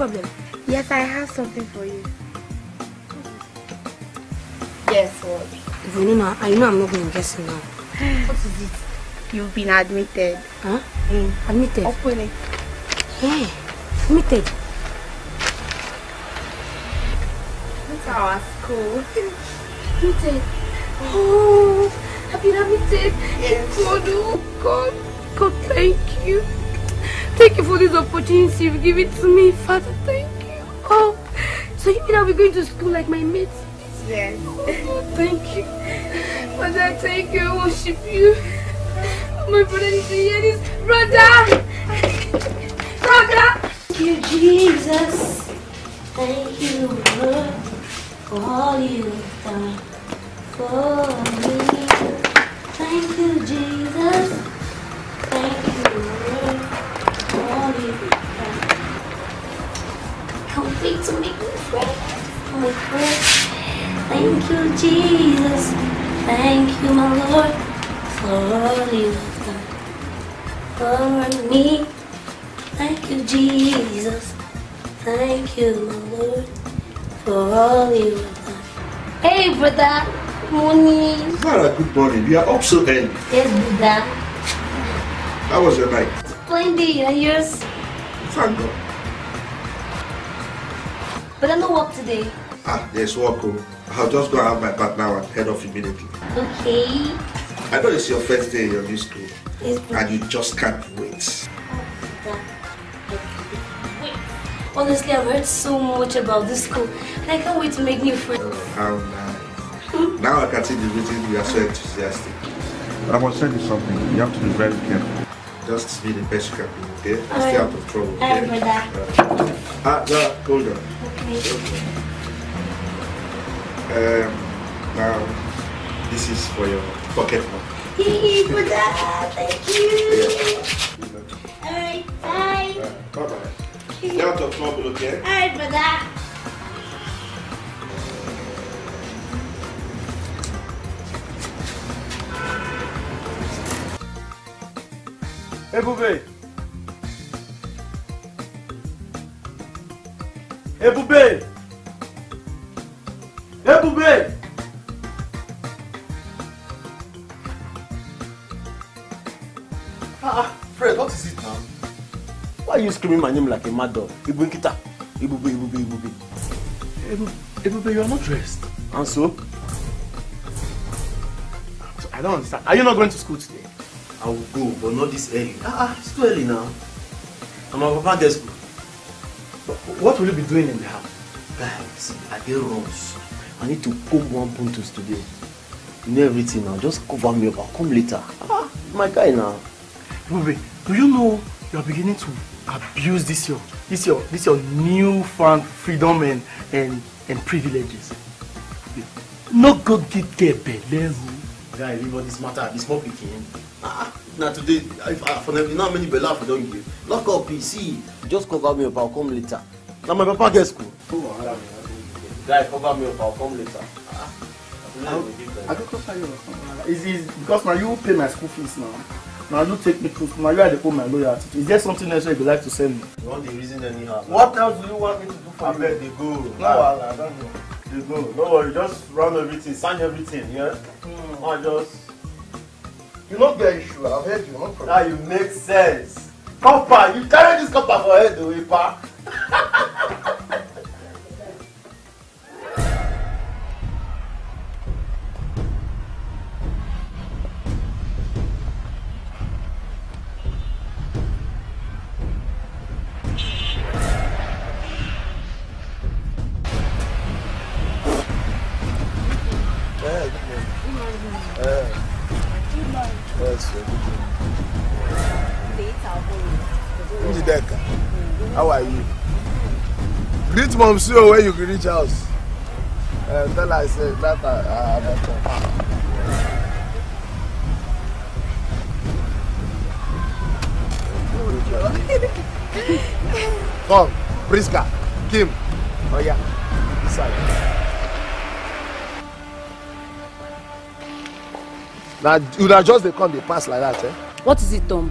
problem. Yes, I have something for you. Yes, what? you know, I know I'm not going to guess now. What is it? You've been admitted. Huh? Mm. Admitted? Open it. Yeah, admitted. That's our school. admitted. Oh, I've been admitted. Yes. God, oh God, God, thank you. Thank you for this opportunity you've given to me, Father. Thank you. Oh, so you mean I'll be going to school like my mates? Yes. thank you. Father, thank you. I worship you. My brother is here. hear Brother! Brother! Thank you, Jesus. Thank you, Lord, for all you've done for me. Thank you, Jesus. Thank you. need to make me friends. My friends. Thank you, Jesus. Thank you, my Lord, for all you've done for me. Thank you, Jesus. Thank you, my Lord, for all you've done. Hey, brother. Morning. Zara, good morning. We are up so early. Yes, brother. How was your night? Splendid, and yours? Thank God. But I no work today. Ah, there's work. Oh. I'll just go have my bath now and head off immediately. Okay. I know it's your first day in your new school. Yes, and you just can't wait. Honestly, I've heard so much about this school and I can't wait to make new friends. Oh, how nice. now I can see the reason you are so enthusiastic. I must tell you something. You have to be very careful. Just be the best you can be, okay? Stay right. out of trouble. Okay? remember that. Uh, ah, hold on. Um, now, this is for your pocket money. Thank for that. Thank you. Yeah. Alright, bye. Uh, bye bye. Stay out of trouble, okay? Alright, brother. Hey, Bube. ebube ebube. Ah, ah, Fred, what is it now? Why are you screaming my name like a mad dog? Ibunkita. Ebube, Ebube, Ebube. Ebube, Ebube, you are not dressed. And so? I don't understand. Are you not going to school today? I will go, but not this early. Ah, ah it's too early now. And my papa get school. What will you be doing in the house? Guys, I get runs. I need to comb one puntus today. You know everything now. Just cover me up. I'll come later. Ah, my guy now. Wait, Do you know you're beginning to abuse this your this your this your newfound freedom and and and privileges? No go get get belevu. Guy, leave all this matter at this public. Ah, Now today, if I ah, for them, many belaf we don't give. Lock up, see. Just cover me up, I'll come later. Now my papa gets school. Oh, Guy, cover me up, I'll come later. I go cover you. Is is because now you pay my school fees now? Now you take me to now you are the pay my lawyer. Is there something else you would like to send me? You want the reason anyhow? What else do you want me to do for you? I beg go. No, ah. I don't know. The go. No worry, just run everything, sign everything, yeah? Mm. I just You no get issue, I've heard you, no problem. Now you make sense. Papa, you carry this copper for head, Opa. see you when you reach house. Uh, tell her I said that I, I better. Come, Priska, Kim, oh yeah, inside. Now, you na just dey come dey pass like that, eh? What is it, Tom?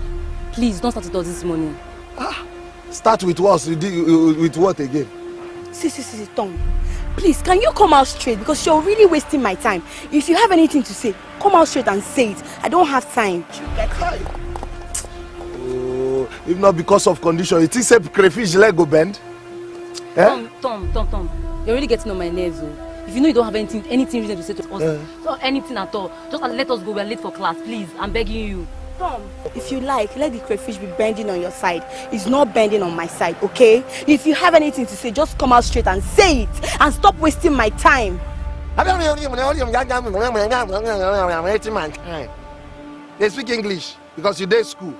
Please, don't start with us this morning. Ah, start with what? With what again? See, see, see, Tom. Please, can you come out straight? Because you're really wasting my time. If you have anything to say, come out straight and say it. I don't have time. Oh, if not because of condition, it is a crayfish lego bend. Eh? Tom, Tom, Tom, Tom. You're really getting on my nerves, oh. If you know you don't have anything, anything reason to say to us, uh. Eh. not anything at all, just let us go. We're late for class, please. I'm begging you storm. If you like, let the crayfish be bending on your side. It's not bending on my side, okay? If you have anything to say, just come out straight and say it and stop wasting my time. They speak English because you did school.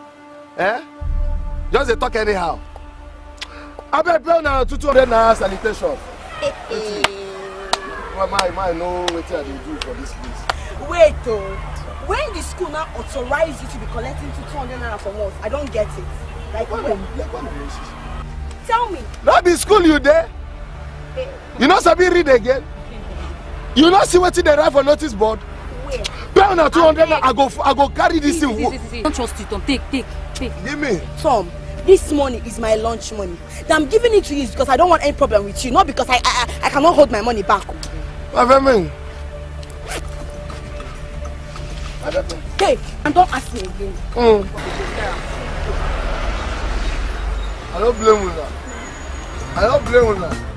Eh? Just dey talk anyhow. Abeg pay una two two hundred naira sanitation. Mama, I no wetin I dey do for dis place. Wait Oh when the school now authorize you to be collecting two hundred naira for month i don't get it like when tell me. no the school you there? you no sabi read again you no see what dey write for notice board Where? pay una two hundred naira i go i go carry this thing. don trust you tom take take take. give me. tom this money is my lunch money na i'm giving it to you because i don't want any problem with you not because i i i cannot hold my money back. my friend. Hey, and don't ask me again. Mm. I don't blame you now. I don't blame you now.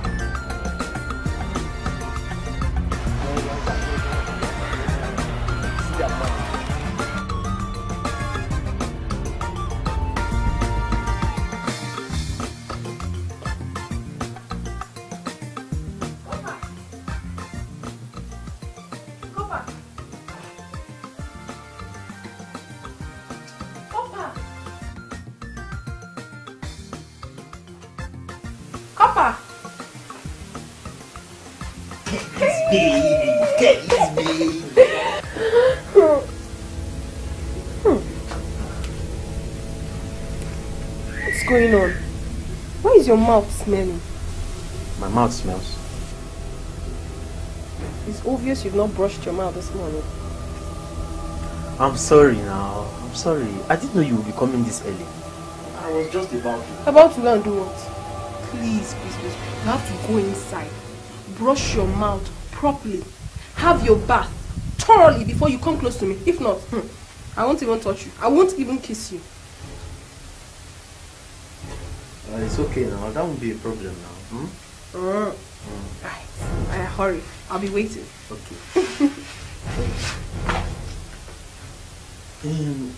your mouth smelling? My mouth smells. It's obvious you've not brushed your mouth this morning. I'm sorry now. I'm sorry. I didn't know you would be coming this early. I was just about to. About to go and do what? Please, please, please. You have to go inside. Brush your mouth properly. Have your bath thoroughly before you come close to me. If not, hmm, I won't even touch you. I won't even kiss you. it's okay now. That won't be a problem now. Hmm? Mm. Right. Uh, hurry. I'll be waiting. Okay. um,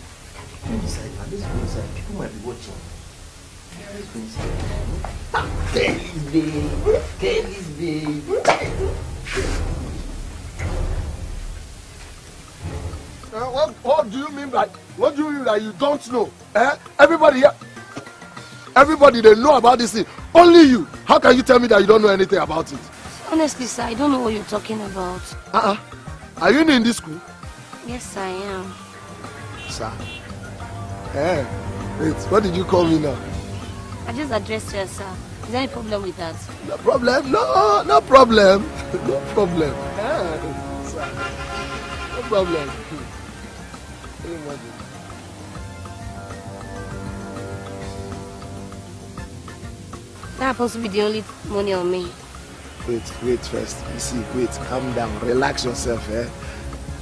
go inside now. Let's go inside. People might be watching. Let's go inside. Get this babe. this babe. Uh, what, what do you mean by what do you mean that you don't know? Eh? Everybody here, everybody dey know about this thing only you how can you tell me that you don't know anything about it. honestly sir i don't know what you're talking about. Uh-uh. are you in this school. yes i am. sir eh wait what did you call me now. i just addressed you as sir is there any problem with that. no problem no no problem no problem eh, sir. no problem. Hmm. That supposed to be the only money on me. Wait, wait first. You see, wait, calm down. Relax yourself, eh?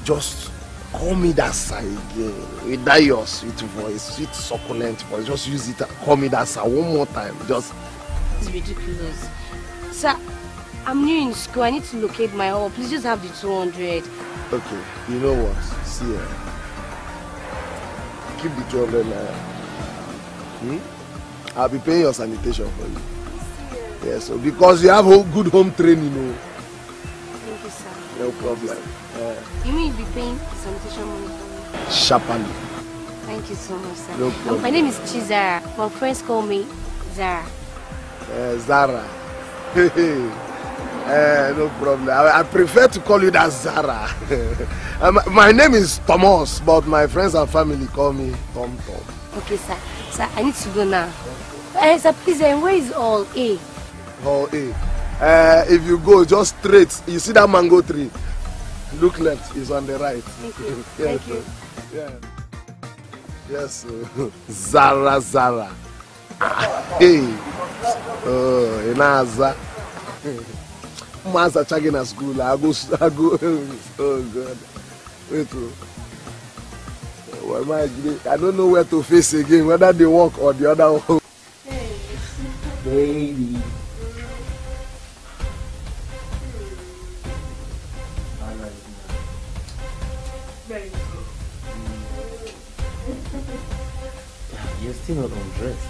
Just call me that side again. With that your sweet voice, sweet succulent voice. Just use it call me that side one more time. Just It's ridiculous. Sir, I'm new in school. I need to locate my hall. Please just have the 200. Okay, you know what? See, eh? keep the 200 naira. Hmm? I'll be paying your sanitation for you. Yes, so because you have good home training. No? Oh. Thank you, sir. No problem. Uh, you mean you'll be paying sanitation money for me? Sharply. Thank you so much, sir. No problem. Um, my name is Chizara. My friends call me Zara. Uh, Zara. uh, no problem. I, I prefer to call you that Zara. uh, my, um, my name is Thomas, but my friends and family call me Tom Tom. Okay, sir. Sir, I need to go now. Uh, sir, please, uh, where is all A? Eh? hall A. Uh, if you go just straight, you see that mango tree. Look left, it's on the right. Thank you. yes. Thank you. Yeah. Yes. Zara Zara. Ah, hey. Oh, ị na-aza. Mma azacha gị na skuul agụ agụ. Oh God. Wait. Oh. Well, my, I don't know where to face again, whether they walk or the other one. Hey. Baby. still not undressed.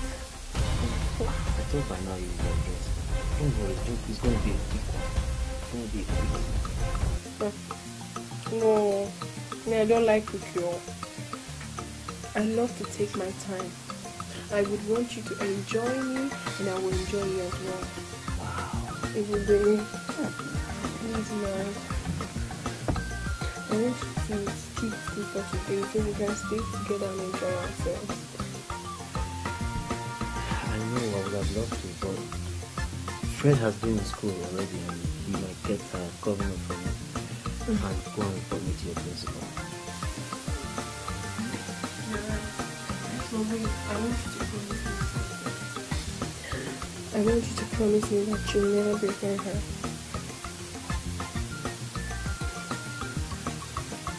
I think by now you will be undressed. Don't worry, joke is going to be a big one. It's going to be a big one. No, no, I don't like quick cure. I love to take my time. I would want you to enjoy me and I will enjoy you as well. Wow. It will be easy, man. I want you to keep people today so we can stay together and enjoy ourselves know I would have loved to, but Fred has been in school already and he might get a uh, covenant from you mm -hmm. and go and report me to your principal. No, I want you to promise me I want you to promise me that you'll never betray her.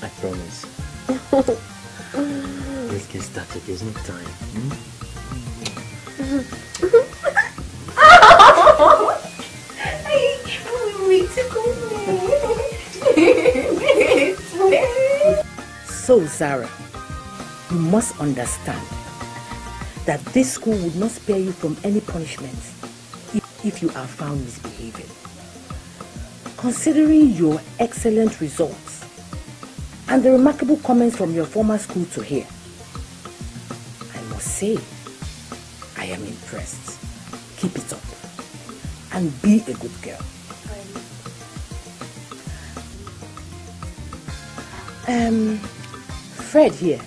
I promise. Let's get started, there's no time. Hmm? so, Zara, you must understand that this school would not spare you from any punishment if, if you are found misbehaving. Considering your excellent results and the remarkable comments from your former school to here, I must say and be a good girl. Um, Fred here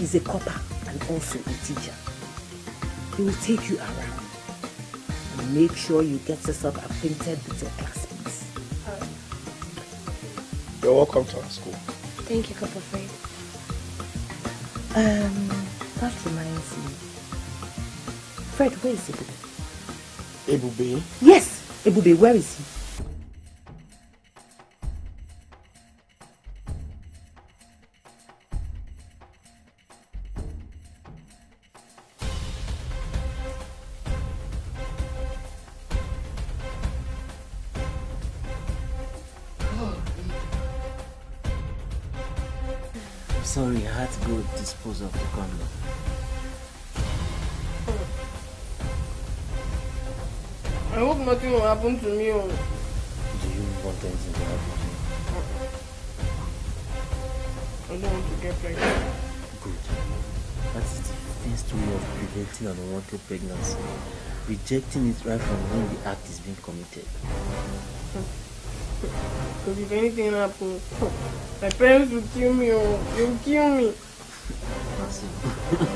is a copper and also a teacher. He will take you around and make sure you get yourself acquainted with your classmates. Right. You're welcome to our school. Thank you, Copper Fred. Um, that reminds me. Fred, where is it? Ebube? Yes, Ebube, where is he? sorry, I had to go dispose of the condom. I hope nothing will happen to me. Or... Oh. Do you want anything to happen to you? I don't want to get pregnant. Good. That is the first way of preventing unwanted pregnancy. Rejecting it right from when the act is being committed. Because if anything happens, my parents will kill me or oh. they will kill me.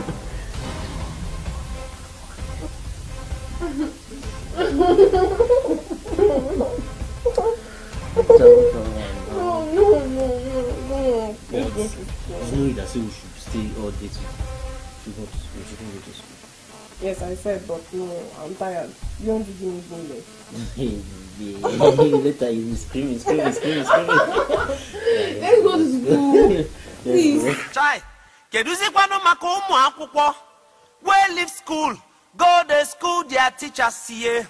fed, but no, I'm tired. You want to give me boneless? Later you'll be screaming, screaming, screaming, screaming. Let's go to school. Please. Chai, keduzikwanu maka ụmụ akwụkwọ wey leave school go to school their teacher see.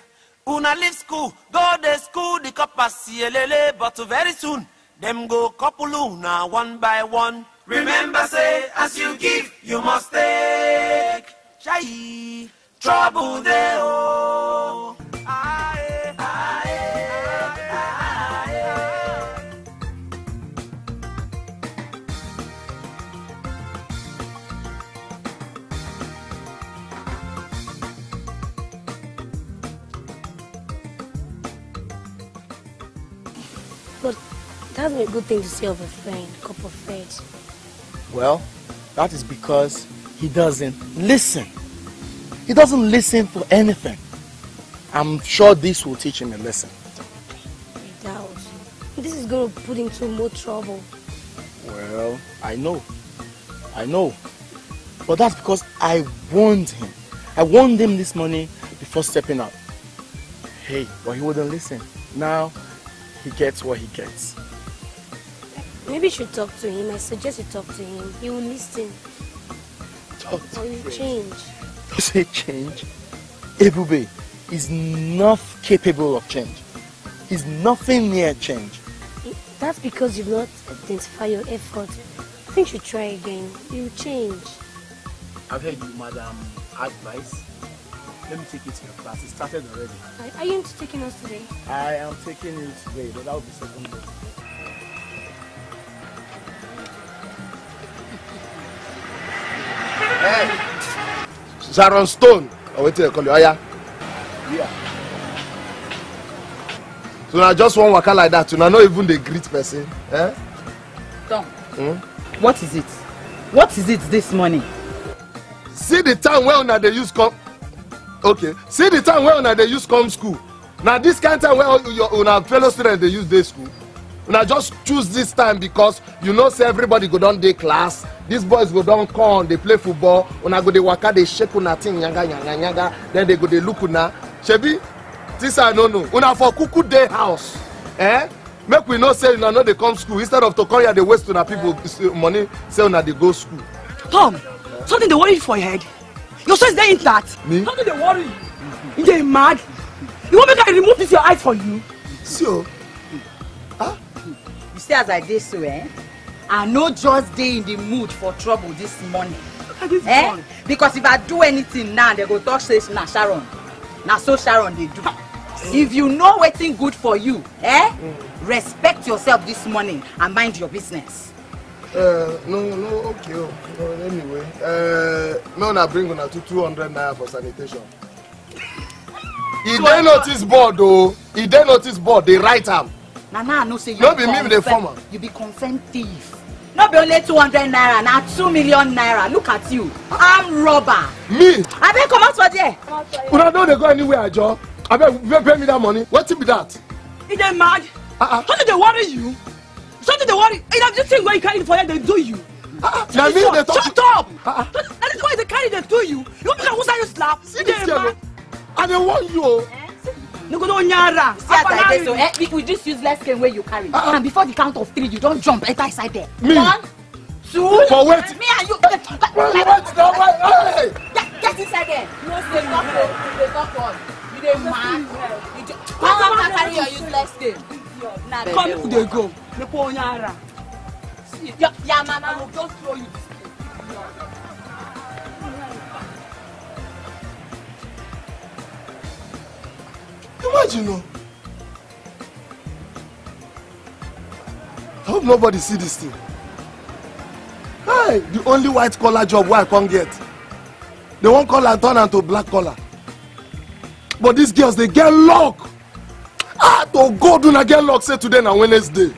una leave school go to school the copper see. lele but very soon them go couple una one by one. Remember, say, as you give, you must take. Shai trouble there. Oh. Aye, aye, But that's a good thing to say of a friend, couple of friends. Well, that is because he doesn't listen. He doesn't listen for anything. I'm sure this will teach him a lesson. I doubt. This is going to put him into more trouble. Well, I know. I know. But that's because I warned him. I warned him this morning before stepping out. Hey, but he wouldn't listen. Now, he gets what he gets. Maybe you should talk to him. I suggest you talk to him. He will listen. Talk to him. Or you change say change, Ebube is not capable of change. He's nothing near change. That's because you've not identified your effort. I think you try again. You'll change. I've heard you, madam, advice. Let me take you to your class. It started already. Are, are you into taking us today? I am taking you today, but that will be second day. hey! sharon stone or wetin dem call you oya. so na just one waka like that una no even dey greet person. Eh? tom hmm? what is it what is it this morning. see the time wey una dey use come okay see the time wey una dey use come school na this kind time wey una fellow students dey use dey school una just choose this time because you know say everybody go don dey class These boys go don come dey play football una go dey waka dey shake una thing yanga yanga yanga then they go dey look una shebi this i no know una for kuku dey house eh make we know say una no dey come school instead of to come here dey waste una people money say una dey go school. tom something dey worry you for your head your sense dey intact. me something dey worry you you dey mad you wan make i remove this your eyes for you. see o. Oh, so, see as i did so eh i know just day in the mood for trouble this morning eh because if i do anything now they go talk say now sharon Now so sharon they do if you know wetin good for you eh mm. respect yourself this morning and mind your business. Uh, no no okay o oh. no, anyway uh, eh, may I bring una to two hundred naira for sanitation. e dey notice board o e dey notice board dey write am na now i know say you no be me dey the former. you be confirmed thief no be only two hundred naira na two million naira look at you armed robber. me abeg comot for there. una no dey go anywhere ajo abeg pay me that money wetin be that? e dey mad. Uh ah, -uh. Ah. something dey worry you something dey worry e na dis thing wey you carry for here dey do you. Ah -uh. na me dey talk. shut up uh -uh. na dis one you dey carry dey do you you no be like who say you slap. see dis girl oh. i dey warn you o. Eh? nukudu onyara. see as i dey so eh just use less cane wey you carry. Uh-uh. and before the count of three you don jump enter inside there. me one two for wait me and you. wait wait wait Wait. wait. get get inside there. no say talk o oh, you dey talk one you dey mad you just how long can carry your useless cane. na come you dey go nukudu onyara. see your mama go just throw you. Imagine, no. I hope nobody see this thing. Hey, the only white collar job wey I come get. The one collar turn am to black collar. But these girls, they get luck. Ah, to do na get luck say today na Wednesday.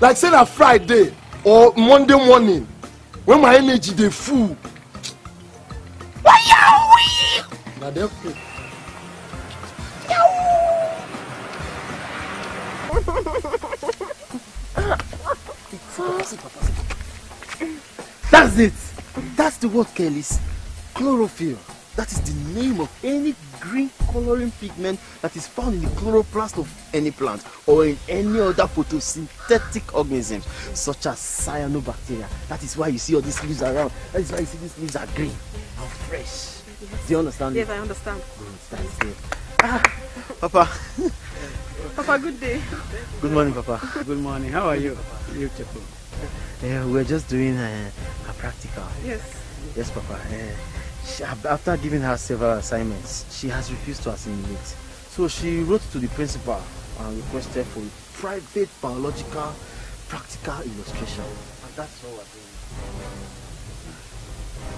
Like say na Friday or Monday morning when my energy dey full. Wayawi! Na dem pay. That's it! That's the word, Kellys. Chlorophyll. That is the name of any green coloring pigment that is found in the chloroplast of any plant or in any other photosynthetic organisms such as cyanobacteria. That is why you see all these leaves around. That is why you see these leaves are green and fresh. Yes. Do you understand? Yes, me? I understand. Good. Mm, Ah, Papa. Papa, good day. Good morning, Papa. Good morning. How are you? Beautiful. Yeah, we're just doing uh, a practical. Yes. Yes, Papa. Uh, she, after giving her several assignments, she has refused to assimilate. So she wrote to the principal and requested for a private biological practical illustration. And that's all we're doing.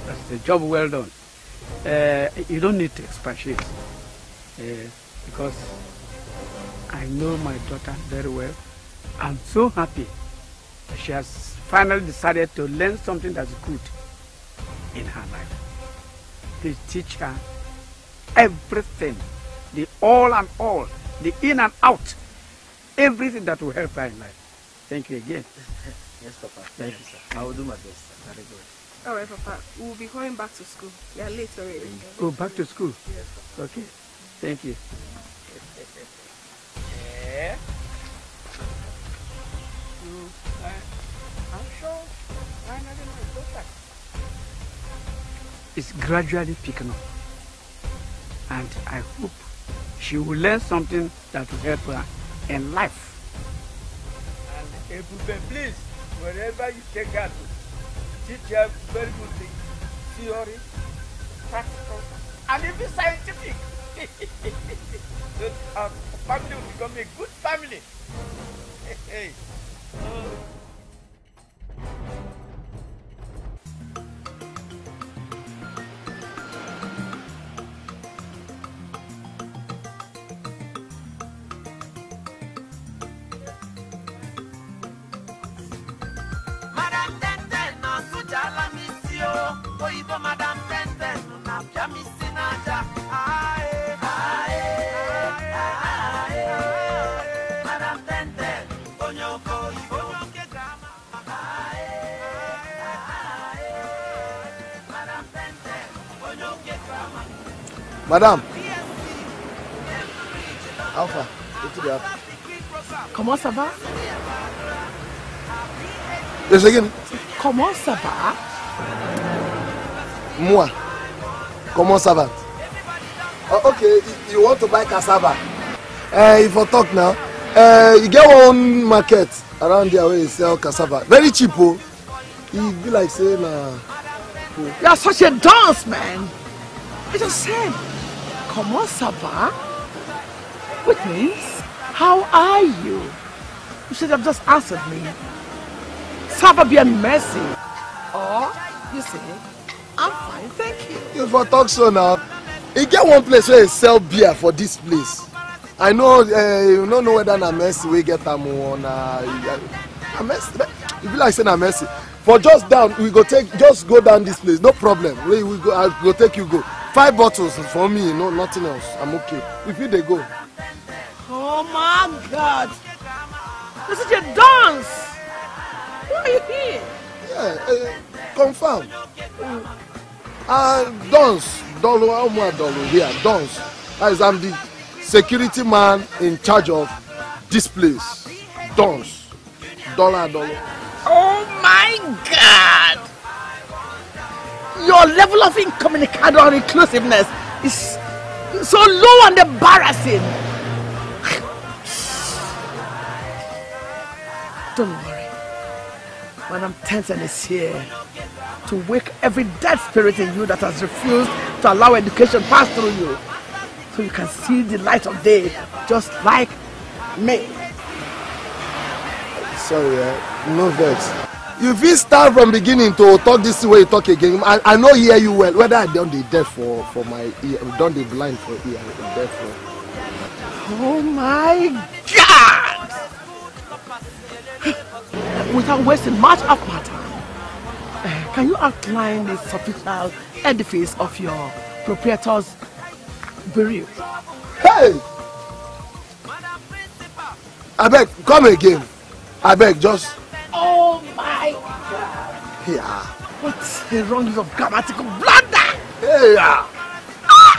That's the job well done. Uh, you don't need to expatiate uh, because I know my daughter very well. I'm so happy she has finally decided to learn something that's good in her life. They teach her everything, the all and all, the in and out, everything that will help her in life. Thank you again. yes, Papa. Thank yes, you, sir. I will do my best. Very good. All right, Papa. We'll be going back to school. We are late already. Go oh, back to school? Yes, Papa. Okay. Thank you. It's gradually picking up. And I hope she will learn something that will help her in life. And Ebube, please, wherever you take her to, teach her very good things, theory, practical, and even scientific. so our um, family will become a good family. hey. madam ten ten, na bia n'aja. Madame. Alpha, Comment ça va Comment ça va Moi. Comment ça va oh, Okay, you want to buy cassava? Uh, if I talk now, uh, you get one market around there where you sell cassava. Very cheap, oh. You be like uh, You are such a dance man. I just said. Comment ça va? Which means, how are you? You should have just answered me. Ça va bien, merci. Or, you say, I'm fine, thank you. You for talk so now. you e get one place where they sell beer for this place. I know uh, you no know whether na mercy We get am or na na mercy. E be like say na mercy. For just down, we go take just go down this place, no problem. We, we go, I go take you go five bottles for me no nothing else i'm okay we you, dey go. oh my god This is a dance why are you here. yeah uh, eh, confam mm. uh, ah, dance dolo omo adolo here dance that is i'm the security man in charge of this place dance dollar dollar. oh my god. your level of incommunicado and inclusiveness is so low and embarrassing. Don't worry. Madam Tencent is here to wake every dead spirit in you that has refused to allow education pass through you. So you can see the light of day, just like me. Sorry, uh, no vex you fit start from beginning to talk this way talk again i i know hear you well whether i don't the deaf for for my ear don't dey blind for ear i deaf for. oh my god without wasting much of my time uh, can you outline the superficial edifice of your proprietor's burial. hey I beg, come again I beg, just Oh my God! yeah. what the wrong use of grammatical blunder! Yeah. Ah!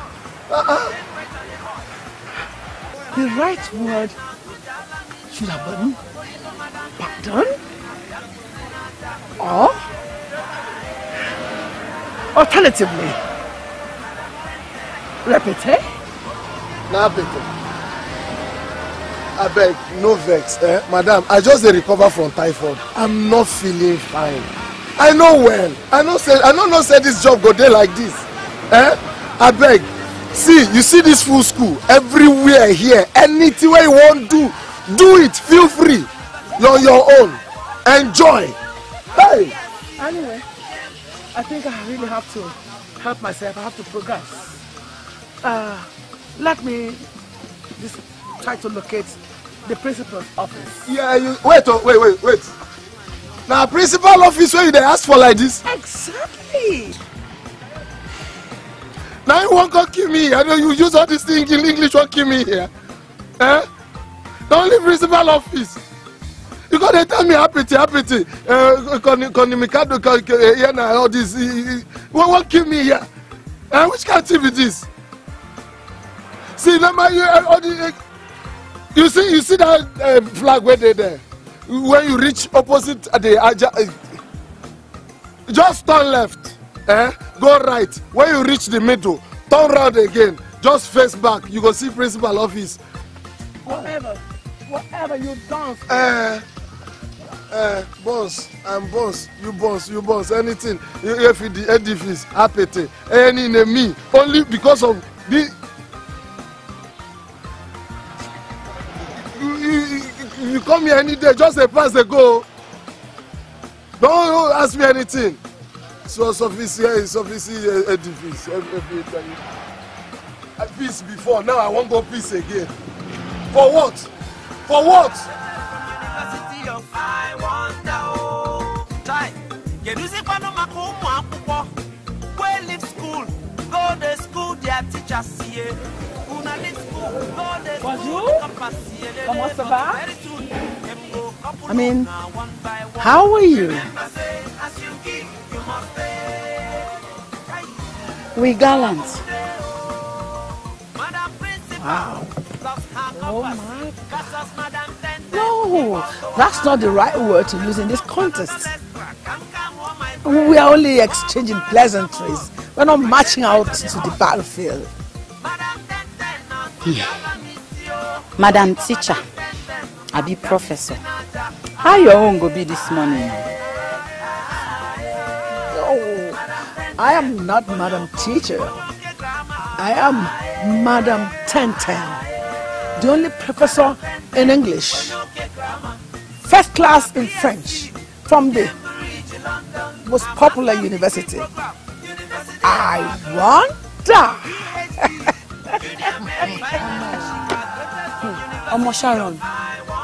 Uh-uh. The right word should have been pardon or alternatively repete. Eh? Napete. I beg, no vex eh? madam i just dey recover from typhoid i'm not feeling fine i know well i know. say i no say this job go there like this eh? beg. see you see this full school everywhere here anything wey you to, do do it feel free on your own enjoy hey. anyway i think i really have to help myself i have to progress uh, let me just try to locate the principal's office. Yeah, you wait, oh, wait, wait, wait. Now, principal office where you they ask for like this. Exactly. Now you won't come kill me. I know you use all this thing in English. Won't kill me here. Eh? The only principal office. You got to tell me happy, happy. Uh, Konimikado, Yana, all this. Eh, eh, eh. Won't kill me here. Eh? Which kind of TV is this? See, now my all the you see you see that uh, flag where they there when you reach opposite uh, the aja uh, eh, just turn left eh? go right when you reach the middle turn round again just face back you go see principal office. whatever whatever you dance. Eh? Eh? Boss and boss, you boss, you boss. anything you fit the edifice apete any name me only because of the. you come here any day just a pass dey go don't ask me anything so surface here surface here edifice every time i peace before now i wan go peace again for what for what. Kedusi kwano maka ụmụ akwụkwọ wey leave school go dey school their teacher see. Bonjour. Comment ça va? I mean, how are you? We gallant. Wow. Oh my. No, that's not the right word to use in this contest. We are only exchanging pleasantries. We're not marching out to the battlefield madam teacher i be professor how your own go be this morning oh i am not madam teacher i am madam tenten the only professor in english first class in french from the most popular university i wonder Hmm. ọmọ Sharon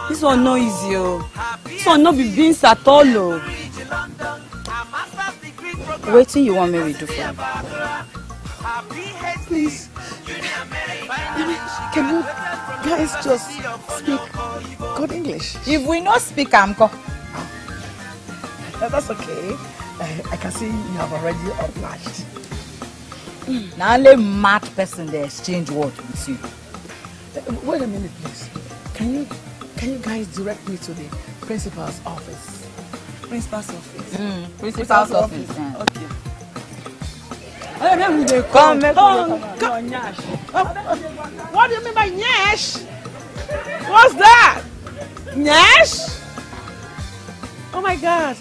this one no easy o this one no be beans at all o. wetin you wan make we do for am. can you guys just speak good English. if we no speak am ko. Ah. that's okay I, I can see you have already obliged. Now only mad person they exchange word with eh, you. Wait a minute, please. Can you can you guys direct me to the principal's office? Principal's office. Mm, principal's, principal's office. office. Yeah. Okay. Eh, come, come, come. What do you mean by nyash? What's that? Nyash? Oh my God.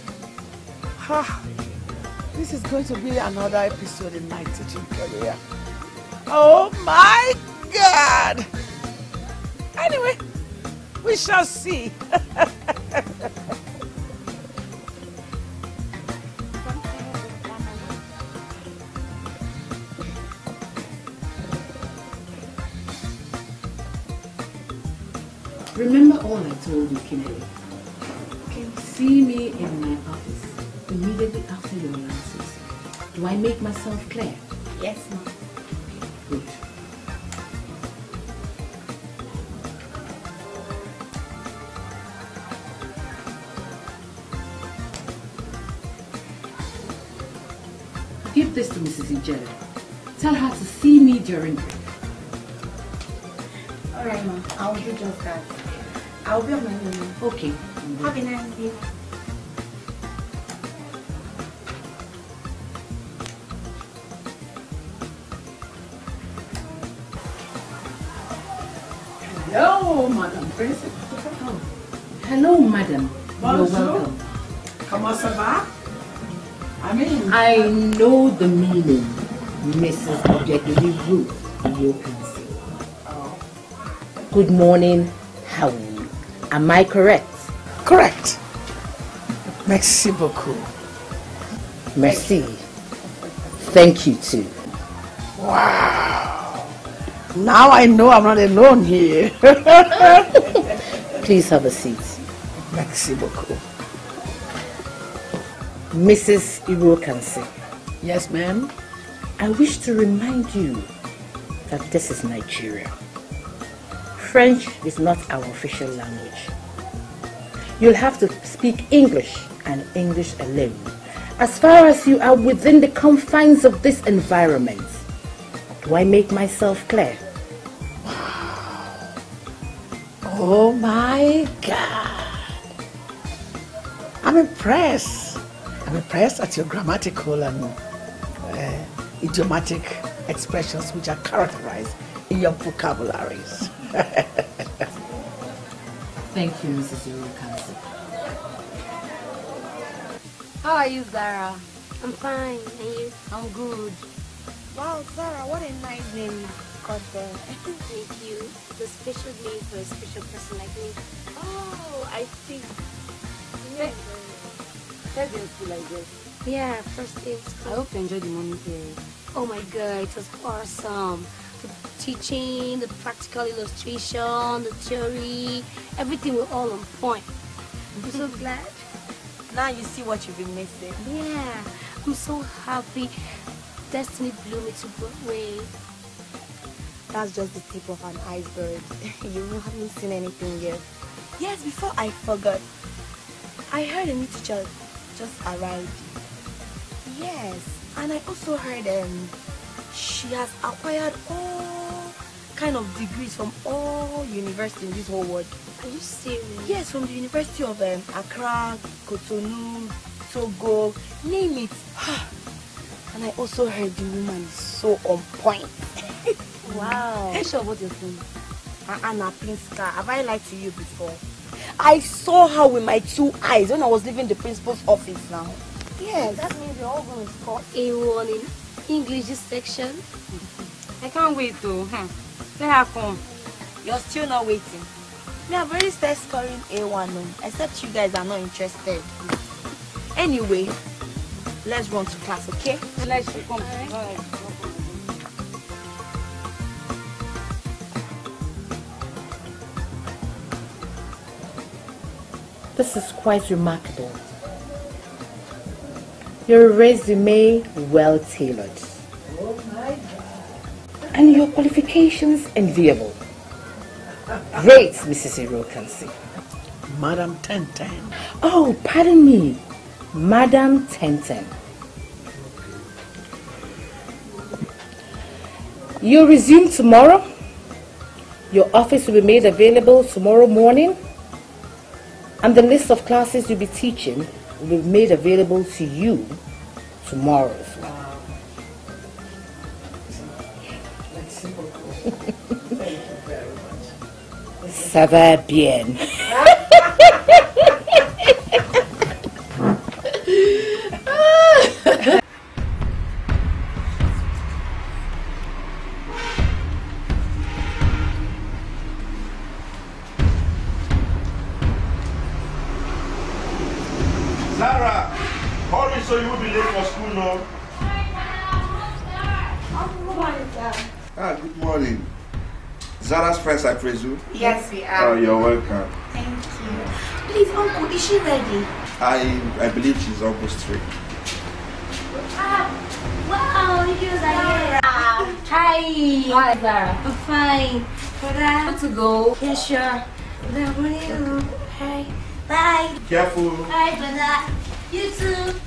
This is going to be another episode in my teaching career. Oh my God! Anyway, we shall see. Remember all I told you, Kinelli? Can see me in my office immediately after your analysis. Do I make myself clear? Yes, ma'am. Good. Give this to Mrs. Ijele. Tell her to see me during break. Alright, ma'am. I'll do just that. I'll be on my way. Okay. Have a nice day. Hello, madam. Hello, madam. You're welcome. Comment ça va? I mean, I know the meaning, Mrs. Objectively Ruth. You can see. Oh. Good morning. How are you? Am I correct? Correct. Merci beaucoup. Merci. Thank you too. Wow. Now I know I'm not alone here. Please have a seat. Merci beaucoup. Mrs. Irokansi. Yes, ma'am? I wish to remind you that this is Nigeria. French is not our official language. You'll have to speak English and English alone, as far as you are within the confines of this environment. Do I make myself clear? Oh my God. I'm impressed. I'm impressed at your grammatical and uh, idiomatic expressions which are characterized in your vocabularies. Thank you, Mrs. Urukansi. How are you, Zara? I'm fine. And you? I'm good. Wow, Zara, what a nice name got the AQ, the special name for a special person like me. Oh, I think. Yeah. Tell them like this. Yeah, first day school. I hope you enjoyed the morning period. Oh my god, it was awesome. The teaching, the practical illustration, the theory, everything was all on point. I'm so glad. Now you see what you've been missing. Yeah, I'm so happy. Destiny blew me to Broadway that's just the tip of an iceberg. you haven't seen anything yet. Yes, before I forgot, I heard a new teacher just arrived. Yes, and I also heard um, she has acquired all kind of degrees from all universities in this whole world. Are you serious? Yes, from the University of um, Accra, Cotonou, Togo, name it. and I also heard the woman is so on point. Wow. Hey, sure you your phone. Ah, Anna, please, have I lied to you before? I saw her with my two eyes when I was leaving the principal's office now. Yes. That means you're all going to score A1 in English section. I can't wait though. Huh? Let her come. You're still not waiting. We have already started scoring A1 now, except you guys are not interested. Anyway, let's run to class, okay? Let's go. All right. All right. This is quite remarkable. Your resume well tailored. And your qualifications enviable. Great, Mrs. Irokansi. Madam Tenten. Oh, pardon me. Madam Tenten. You resume tomorrow. Your office will be made available tomorrow morning and the list of classes you'll be teaching will be made available to you tomorrow Wow. Ça va bien. Zara's friends, I presume? Yes, we are. Oh, you're welcome. Thank you. Please, Uncle, is she ready? I, I believe she's almost ready. Ah, wow, you Zara. Hi. Hi, Zara. I'm fine. Zara. Want uh, to go? Yeah, sure. Love you. Hi. Bye. Careful. Bye, brother. You too.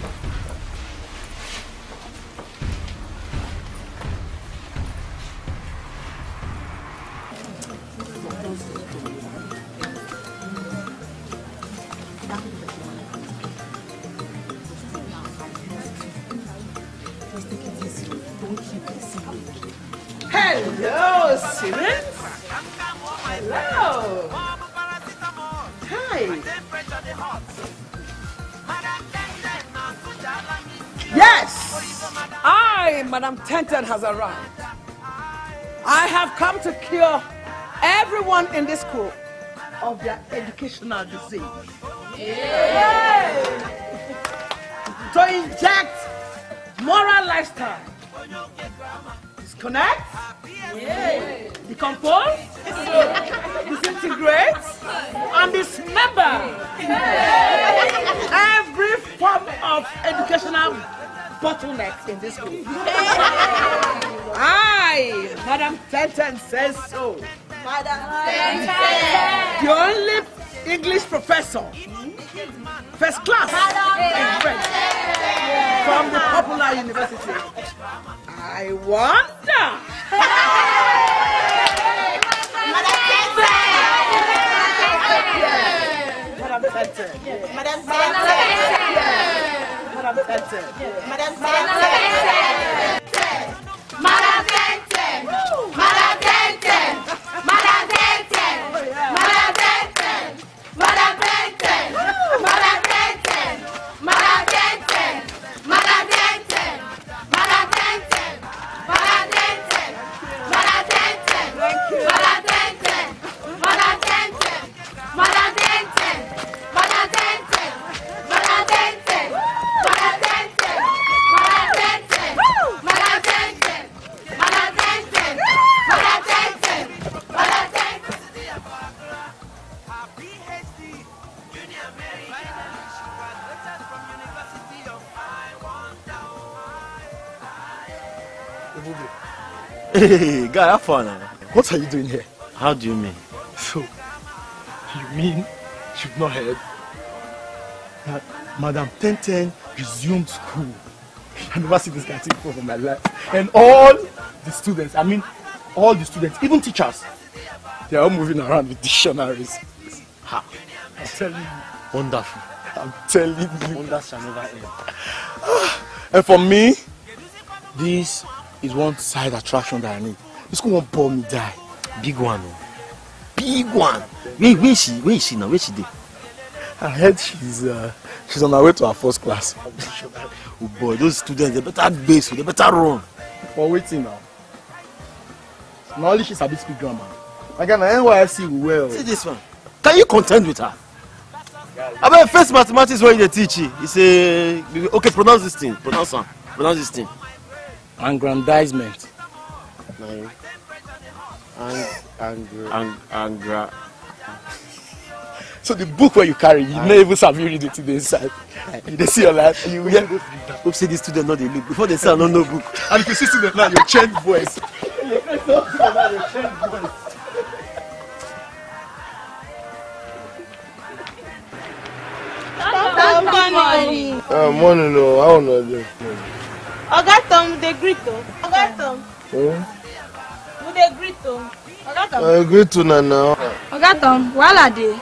Hello, students. Hello. Hi. Yes. I, Madam Tenten, has arrived. I have come to cure everyone in this school of their educational disease. to inject moral lifestyle Connect? Yeah. Decompose? disintegrate? And dismember every form of educational bottleneck in this school. I, Madam Tenten, says so. Madam Tenten! The only English professor, first class in French, from the popular university. I want. Madam Fenton. Madam Fenton. Madam Madam Madam Madam Hey, guy, have fun. Eh? What are you doing here? How do you mean? So, you mean you've not heard that Madame Tenten resumed school? I never see this guy take in my life. And all the students, I mean, all the students, even teachers, they are all moving around with dictionaries. Ha! I'm telling you. Wonderful. I'm telling you. Wonders shall never end. Ah, and for me, this is one side attraction that I need. This one won't bore me die. Big one. Oh. Big one. Where, where is she? Where is she now? Where is she there? I heard she's uh, she's on her way to her first class. oh boy, those students they better base, they better run. For waiting now. Now only she sabi speak grammar. Again, NYC well. See this one. Can you contend with her? abeg first mathematics wey you dey teach you say okay pronounce this thing pronounce am pronounce this thing. aggrandizement. Ang angra. Ang angra. so the book wey you carry you no even sabi read the inside you dey see your life you hear hope say the student no dey look before they say i no know book and if you see student now you change voice. Tom ah, Money. Uh, morning, no. I don't know this. Oga Tom, they greet you. Oh. Oga Tom. Hmm? Who they greet you? Oh? Oga Tom. I eh, greet you now. Oga Tom, wàhálà are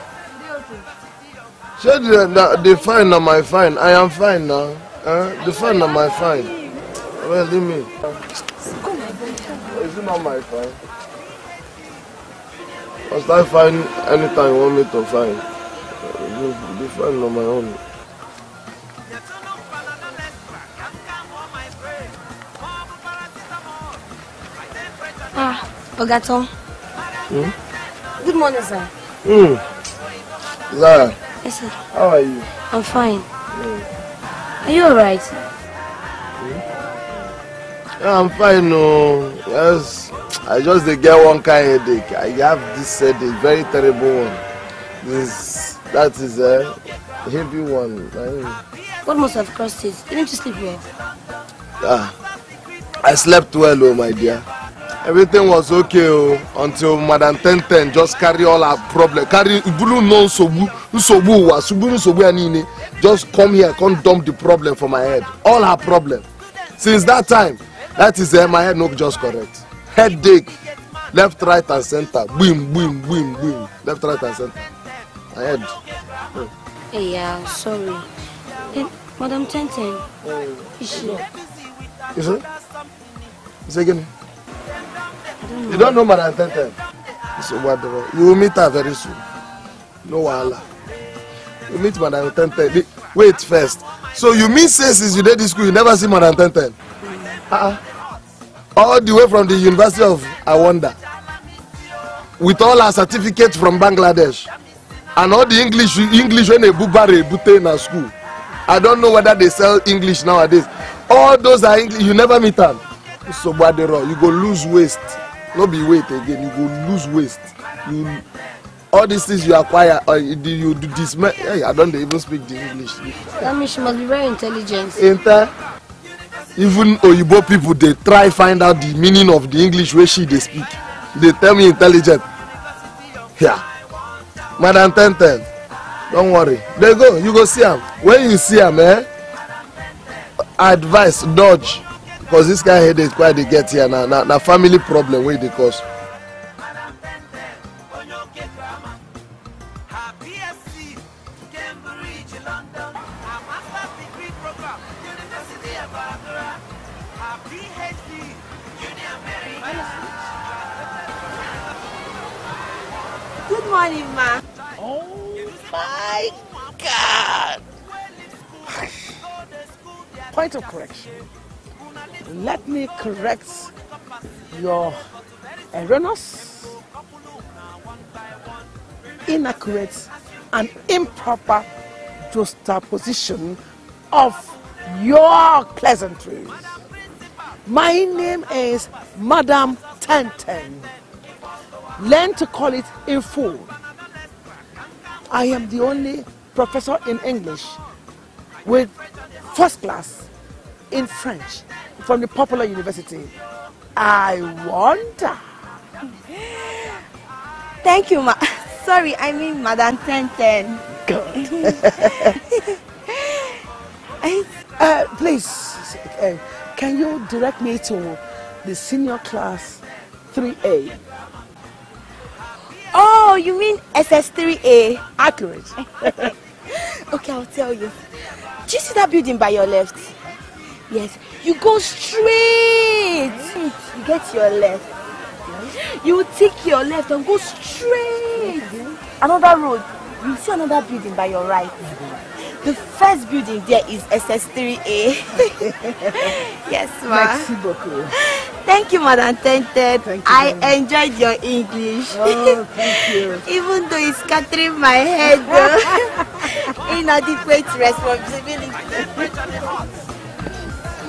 Ṣé the, the, the fine na my fine? I am fine now. Eh? The fine na my fine. Well, leave me. Is it not my fine? Must I find anytime you want me to find? Eh, the fine on my own. Ah, ọ̀gá Hmm? Good morning, sir. Hmm. Zara. Yes, sir. How are you? I'm fine. Hmm. Are you alright? Hmm? Yeah, I'm fine, no. Oh. Yes, I just dey get one kind headache. I have this headache, very terrible one. This, that is a eh, heavy one. What must have caused it? Didn't you sleep well? Ah, I slept well, oh my dear everything was okay o oh, until madam ten ten just carry all her problem carry ibulu no nsogbu nsogbu ụwa nsogbu nsogbu ya niile just come here come dump the problem for my head all her problem since that time that is uh, my head no just correct headache left right and center gbim gbim gbim gbim left right and center my head. Yeah. Uh, yeah, sorry. Eh, madam ten ten. Oh. Is she? Is she? Is she gini? Don't you don't know more than ten ten. It's a wonderful. You will meet her very soon. No wahala. You meet more than Wait first. So you mean say since you did this school you never see more than ten Uh-uh. All the way from the University of Awanda with all her certificates from Bangladesh and all the English English wey Ebubara Ebute na school. I don't know whether they sell English nowadays. All those are English. You never meet am. Sobadero, you go lose waste no be weight again you go lose waist you all these things you acquire or uh, you do you do this hey i don't even speak the english. that means she must be very intelligent. enter even oyibo people dey try find out the meaning of the english wey she dey speak dey tell me intelligent yeah. madam ten ten don worry dey go you go see am when you see am eh advice dodge because this guy here is why they get here now. Now na family problem with dey cause. Good morning, ma. Oh my God! Point of correction. Let me correct your erroneous, inaccurate, and improper juxtaposition of your pleasantries. My name is Madame Tenten. Learn to call it a fool. I am the only professor in English with first class in French from the popular university. I wonder. Thank you, ma. Sorry, I mean Madam Ten Ten. Good. uh, please, uh, can you direct me to the senior class 3A? Oh, you mean SS3A? Accurate. okay, I'll tell you. Do you see that building by your left? Yes. You go straight. You get your left. You take your left and go straight. Another road. You see another building by your right. The first building there is SS3A. yes, ma. Thank you, Madam Tented. I enjoyed your English. Oh, thank you. Even though it's scattering my head, inadequate responsibility.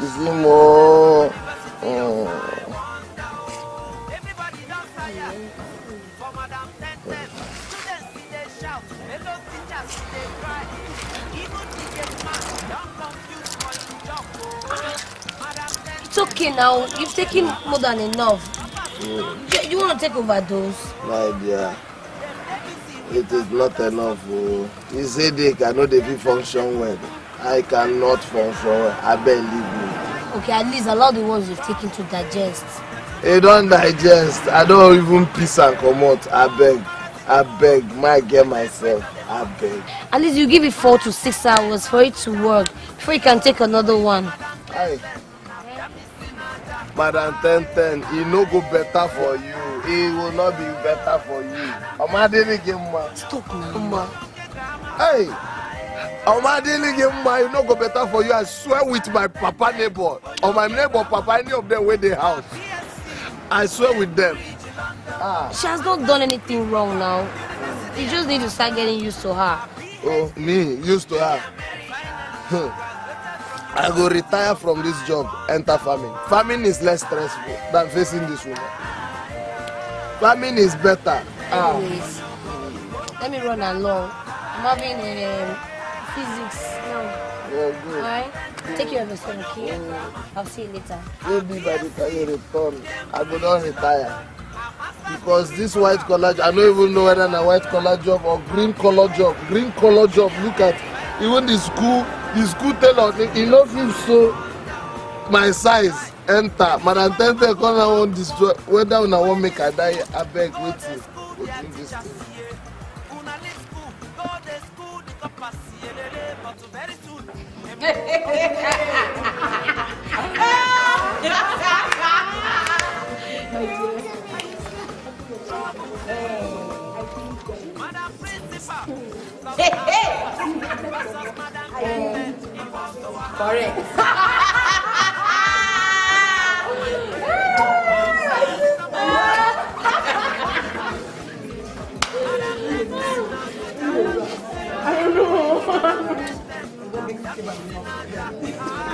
Bísí mm. It's okay now. You've taken more than enough. Yeah. Mm. You, you want to take overdose? My dear, it is not enough. Oh. It's headache. I know they be function well. I cannot function well. I believe you okay at least allow the ones you've taken to digest. e don't digest i don't even piss I beg, I beg, my get myself I beg. at least you give it four to six hours for it to work before you can take another one. Aye. madam ten ten e no go better for you It e will not be better for you I'm adé nìkan mọ. stop na. mọ. Hey omadiligi mma e no go better for you i swear with my papa neighbor or my neighbor papa any of them wey dey house i swear with them. Ah. she has not done anything wrong now you just need to start getting used to her. oh me used to her hmm. i go retire from this job enter farming farming is less stressful than facing this woman farming is better. ah. anyways let me run along i'm having a. Um, physics no. Yeah, good. All right. Good. Take your of yourself, okay? Mm. I'll see you later. Maybe by the time you return, I will not retire. Because this white collar, I don't even know whether na white collar job or green collar job. Green collar job, look at even the school, the school tailor, he no fit so. my size enter. Madam Tente come na wan destroy whether una wan make a die I beg with you. this thing. Hey, hey! Correct.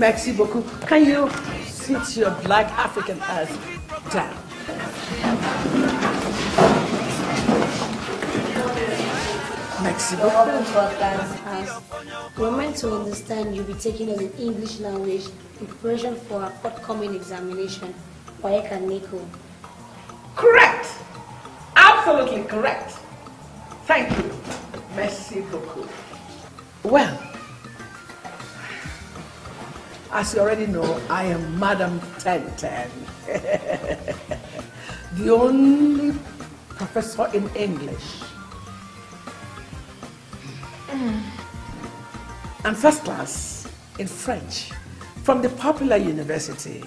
Merci beaucoup. Can you sit your black African ass down? Merci beaucoup. We're meant to understand you'll be taking as an English language in preparation for our upcoming examination, WAEC and NICO. Correct! Absolutely correct. Thank you. Merci beaucoup. Well, as you already know, I am Madam Ten Ten, the only professor in English. Mm. And first class in French from the popular university.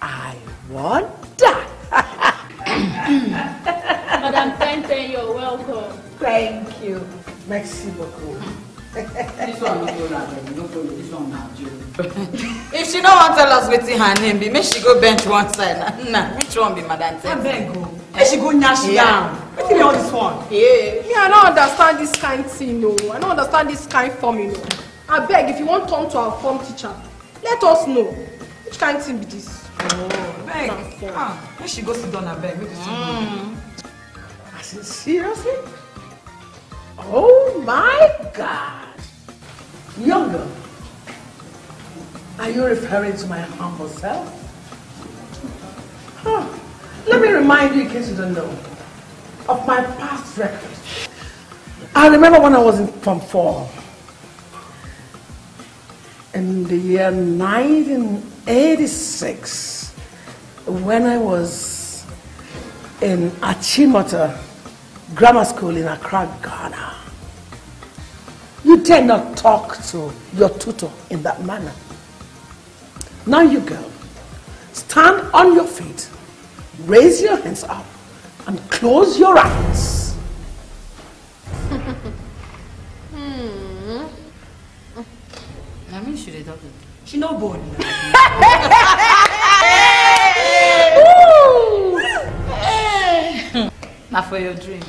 I wonder. Madame Ten Ten, you're welcome. Thank you. Merci beaucoup. this one no go round we no follow this one na joke. if she no wan tell us wetin her name be make she go bench one side Nah, na which one be madam tell me. abeg o make she go nash yeah. down wetin be all this one. Yeah. me i don't understand this kind thing no. i don't understand this kind form, you know. I beg if you want to come to our form teacher let us know which kind thing be this. oh beg. ah make she go sit down beg. make we see. Mm. seriously. Oh my God! Younger, are you referring to my humble self? Huh. Let me remind you, in case you don't know, of my past record. I remember when I was in Form 4, in the year 1986, when I was in Achimota, grammar school in Accra, Ghana. You dare not talk to your tutor in that manner. Now you girl, stand on your feet, raise your hands up, and close your eyes. hmm. I mean, she did not. She no born. Not for your dream.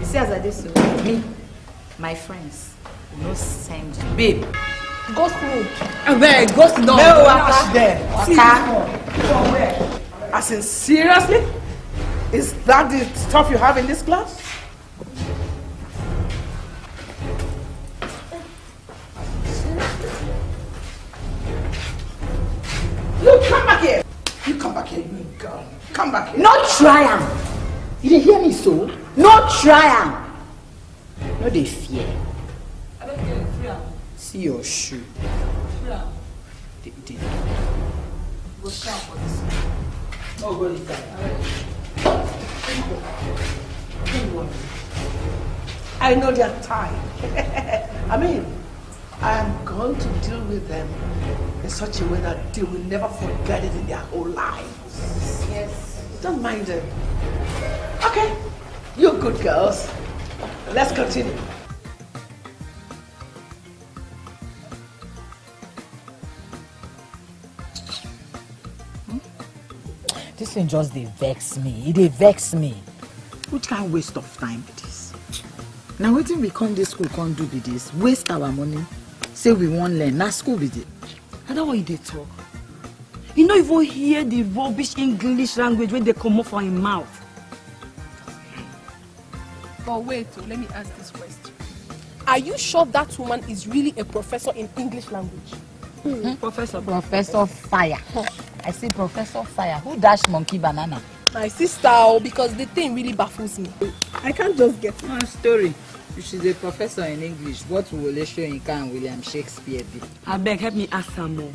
You see, as I did so, me, my friends, no send you. Babe. Ghost road. Eh, where? Ghost dog. No, I'm not there. Where? I in, seriously? Is that the stuff you have in this class? You come back here. You come back here, you girl. Come back here. Not try him you hear me so no try no dey fear see your shoe dey dey go try for this no oh, go dey i know their time i mean i am going to deal with them in such a way that they will never forget it in their whole lives yes don't mind them Okay, you are good girls. Let's continue. Hmm? This thing just dey vex me. It dey vex me. can kind waste of time be this? Na wetin we come this school can't do be this? Waste our money. Say we won't learn. Now, school be I don't want you to talk. You no even hear the rubbish English language they come comot from your mouth. But wait, oh, let me ask this question. Are you sure that woman is really a professor in English language? -hmm. hmm? Professor. Professor Fire. I see Professor Fire. Who dashed monkey banana? My sister, oh, because the thing really baffles me. I can't just get My story. She's a professor in English. What relation Lesho William Shakespeare be? I beg, help me ask her more.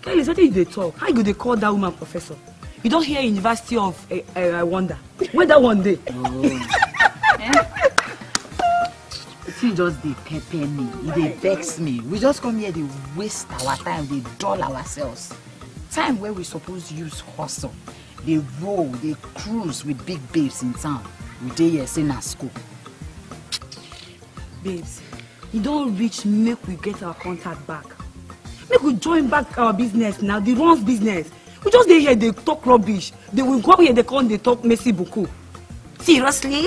Kelly, what did they talk? How you they call that woman professor? You don't hear University of uh, eh, uh, eh, Rwanda. Where that one day? Oh. see just dey pepper me e dey vex me we just come here dey waste our time dey dull ourselves time wey we suppose use hustle dey roll dey cruise with big babes in town we dey here say na school. babes e don reach make we get our contact back make we join back our business now the runs business we just dey here dey talk rubbish dey we come here dey come dey talk messy buku seriously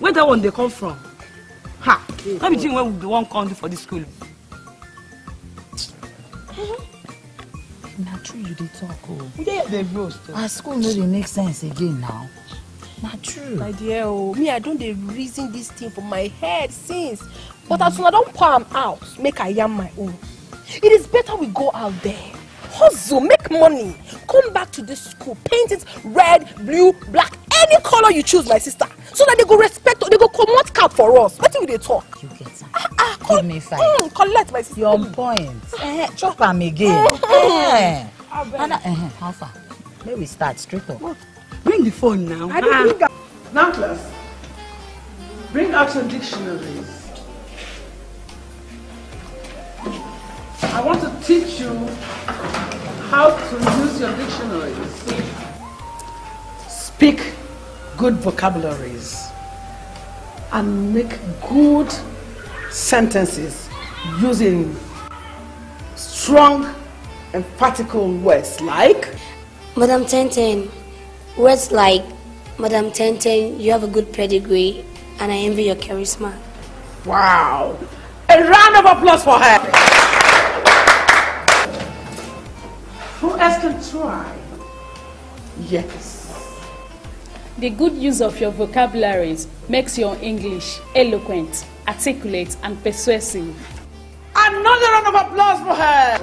where that one dey come from no be thing wey we wan come do for dis school. Not true you did talk Oh, yeah, dey dey grow our school no dey make sense again now. Not true. my dear Oh, me i don't dey reason this thing for my head since but as una I don't am out make i yarn my own it is better we go out there hustle make money come back to this school paint it red blue black any color you choose my sister so that they go respect they go come comot cap for us What do they talk. you get am ah, ah, call, give me five mm, collect my sister. your point eh, chop am again oh, eh. Oh. Anna, eh, eh, how far make we start straight up. bring the phone now. I ah. now class bring out some dictionaries. I want to teach you how to use your dictionaries. Speak good vocabularies and make good sentences using strong, emphatical words like Madam Tenten, words like Madam Tenten, you have a good pedigree and I envy your charisma. Wow! A round of applause for her! Who else can try? Yes. The good use of your vocabularies makes your English eloquent, articulate, and persuasive. Another round of applause for her!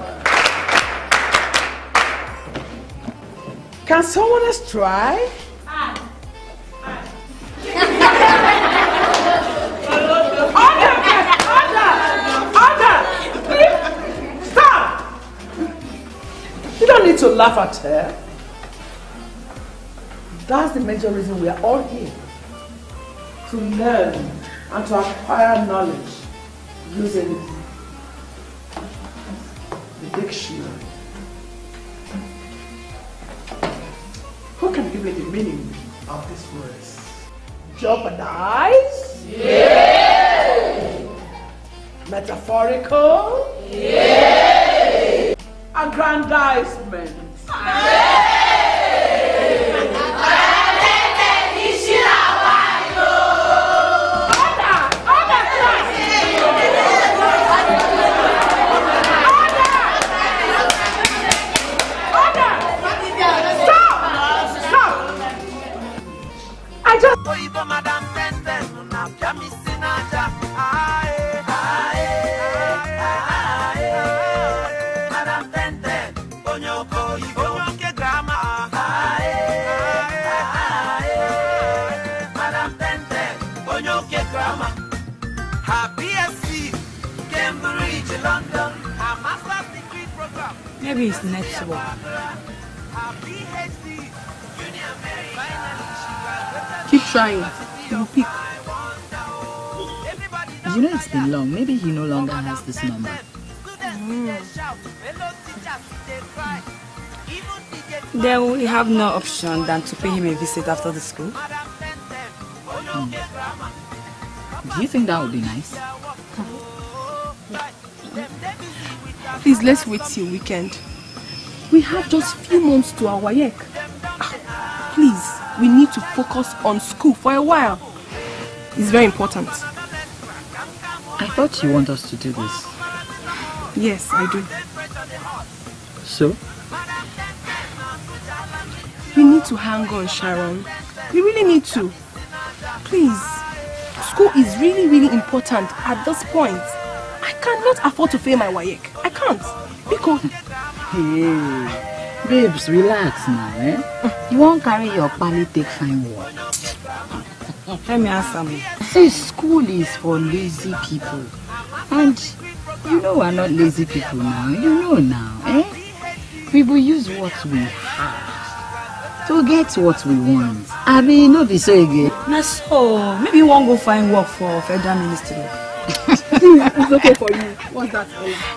Can someone else try? don't need to laugh at her. That's the major reason we are all here. To learn and to acquire knowledge using the dictionary. Who can give me the meaning of these words? Jeopardize? Yeah! Metaphorical? Yeah! aggrandizement. Maybe it's next one. Keep trying. pick. You know it's been long. Maybe he no longer has this number. Mm. Then we have no option than to pay him a visit after the school. Mm. Do you think that would be nice? Please, let's wait till weekend. We have just few months to our work. Ah, please, we need to focus on school for a while. It's very important. I thought you want us to do this. Yes, I do. So? We need to hang on, Sharon. We really need to. Please. School is really, really important at this point. I cannot afford to fail my WAEC. can't because. Hey, babes, relax now, eh? You won't carry your pally take fine work. Let me ask me. Say school is for lazy people. And you know we're not lazy people now. You know now, eh? We will use what we have to get what we want. I mean, not be so again. Na so, oh, maybe you won't go find work for federal ministry. see, it's okay for you. What's that?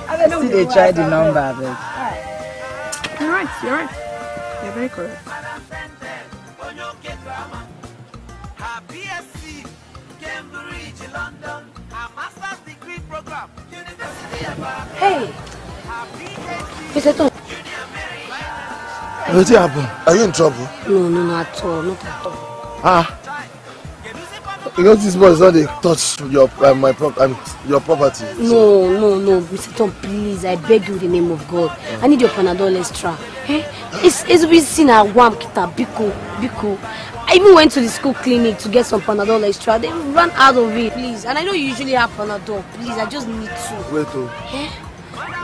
I don't know. see, they try the number, but. You're right, you're right. You're very correct. Hey! Is it on? What happened? Are you in trouble? No, no, not at all. Not at all. Ah. You know boy boys, how they touch your uh, my prop I um, your property. So. No, no, no, Mr. Tom, please, I beg you, in the name of God. Mm. I need your Panadol extra. Eh? It's it's been seen at warm Kita Biko Biko. I even went to the school clinic to get some Panadol extra. They ran out of it, please. And I know you usually have Panadol. Please, I just need two. Wait, oh. Eh?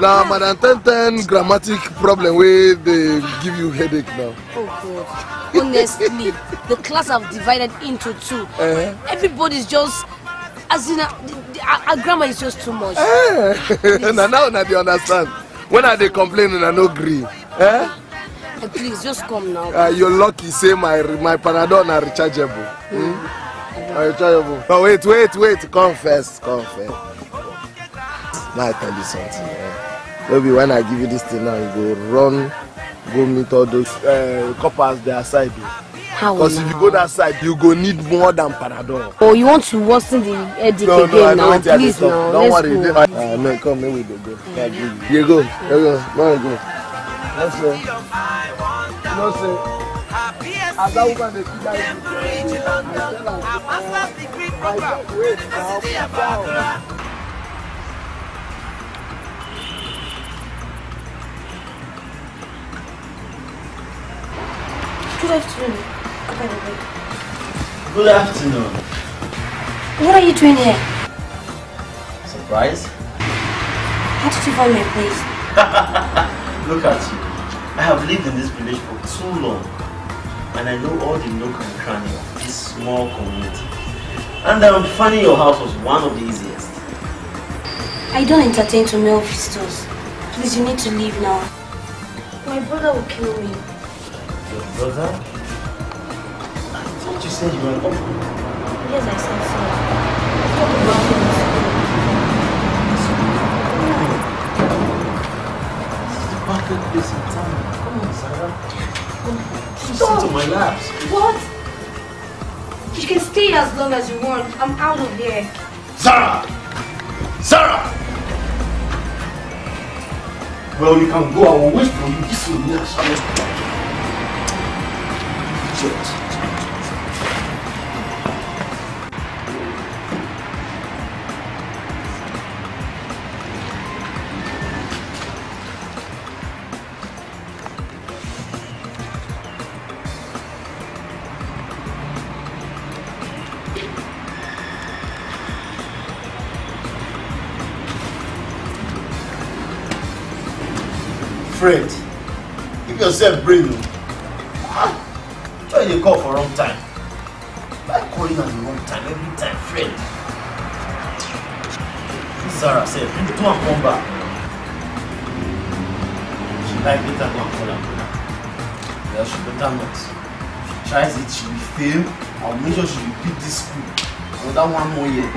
Now more than ten ten grammatic problem wey they give you headache now. oh god honestly the class have divided into two. Uh eh? -huh. everybody's just as in our, our grammar is just too much. Eh. now now una dey understand when i they complain una no gree. Eh? eh? please just come now. Uh, you're lucky say my my panadol are rechargeable. Mm. Mm? Uh rechargeable. but wait wait wait come first come first. now i tell you something. Eh? no be when i give you this thing now you go run go meet all those uh, coppers their side o. Oh. Because if you go that side, you go need more than Panadol. Oh, you want to worsen the headache no, again no, now? No, please now, Don't let's worry. go. Uh, ah, man, come, here we go. go. Mm. You go, you go, man, go. That's it. You know, say, as that woman dey kill that woman, I tell tell her, wait, I tell her, Good afternoon. Good afternoon. What are you doing here? Surprise? How did you find my place? Look at you. I have lived in this village for too long. And I know all the nook and cranny of this small community. And um, finding your house was one of the easiest. I don't entertain to male visitors. Please, you need to leave now. My brother will kill me. Your brother? I thought you said you were an uncle. Yes, I said so. Talk about him This is the perfect place in town. Come on, Sarah. Stop! Sit on my laps. What? You can stay as long as you want. I'm out of here. Sarah! Sarah! Well, you can go. I will wait for you. This is the next budget. Fred, give yourself breathing. why you call for wrong time why calling at the wrong time every time friend this sarah sef you do come back she like later go and call am brother she better not she tries it she will fail I'll make sure she repeat this school another one more year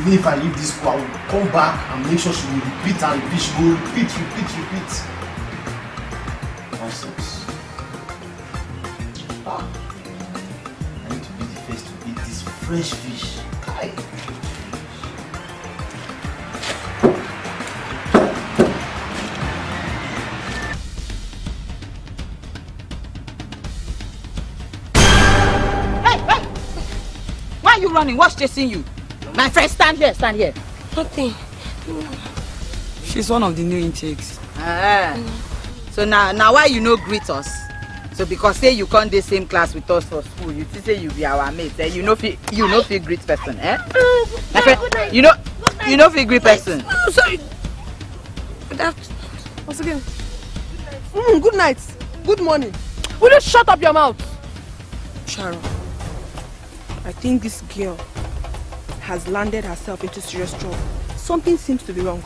even if i leave this school i will come back and make sure she will repeat and repeat she go repeat repeat repeat nonsense. Ah, I need to be the first to eat this fresh fish. Kai. running? What's chasing you? My friend, stand here, stand here. Nothing. She's one of the new intakes. Mm. Ah. So now, now why you no greet us? so because say you come the same class with us for school you say you be our mate eh you know, fit you know, feel great person eh uh, my friend you know, you know, feel great person. no oh, sorry once again mm, good night good morning will you shut up your mouth. sharon i think this girl has landed herself into serious trouble something seems to be wrong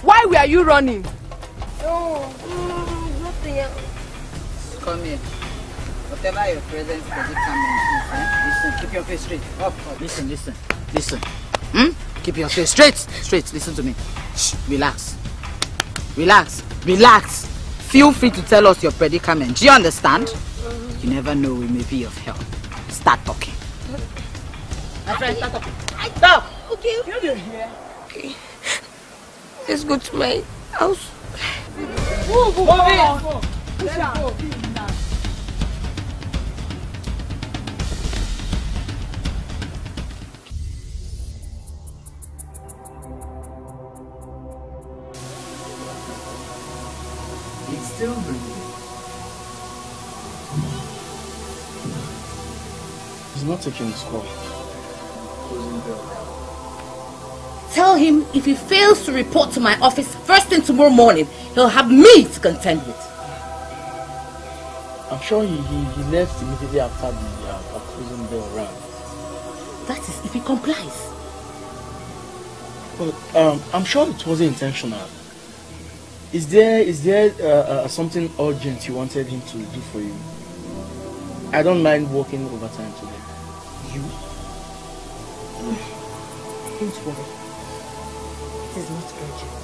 why were you running. no oh, mm, nothing else come here. Whatever your presence predicament come in. Eh? listen, keep your face straight. Up, oh, up. Listen, listen, listen. Hmm? Keep your face straight, straight. Listen to me. Shh, relax. Relax, relax. Feel free to tell us your predicament. Do you understand? You never know, we may be of help. Start talking. My friend, start talking. Stop! Okay. You're here. Okay. Let's go to my house. Move, move, move. He's not taking his call. Tell him if he fails to report to my office first thing tomorrow morning, he'll have me to contend with. I'm sure he, he, he left immediately after the uh, prison bell rang. That is if he complies. But um, I'm sure it wasn't intentional. Is there is there uh, uh, something urgent you wanted him to do for you? I don't mind working overtime today. You? Don't worry. It is not urgent.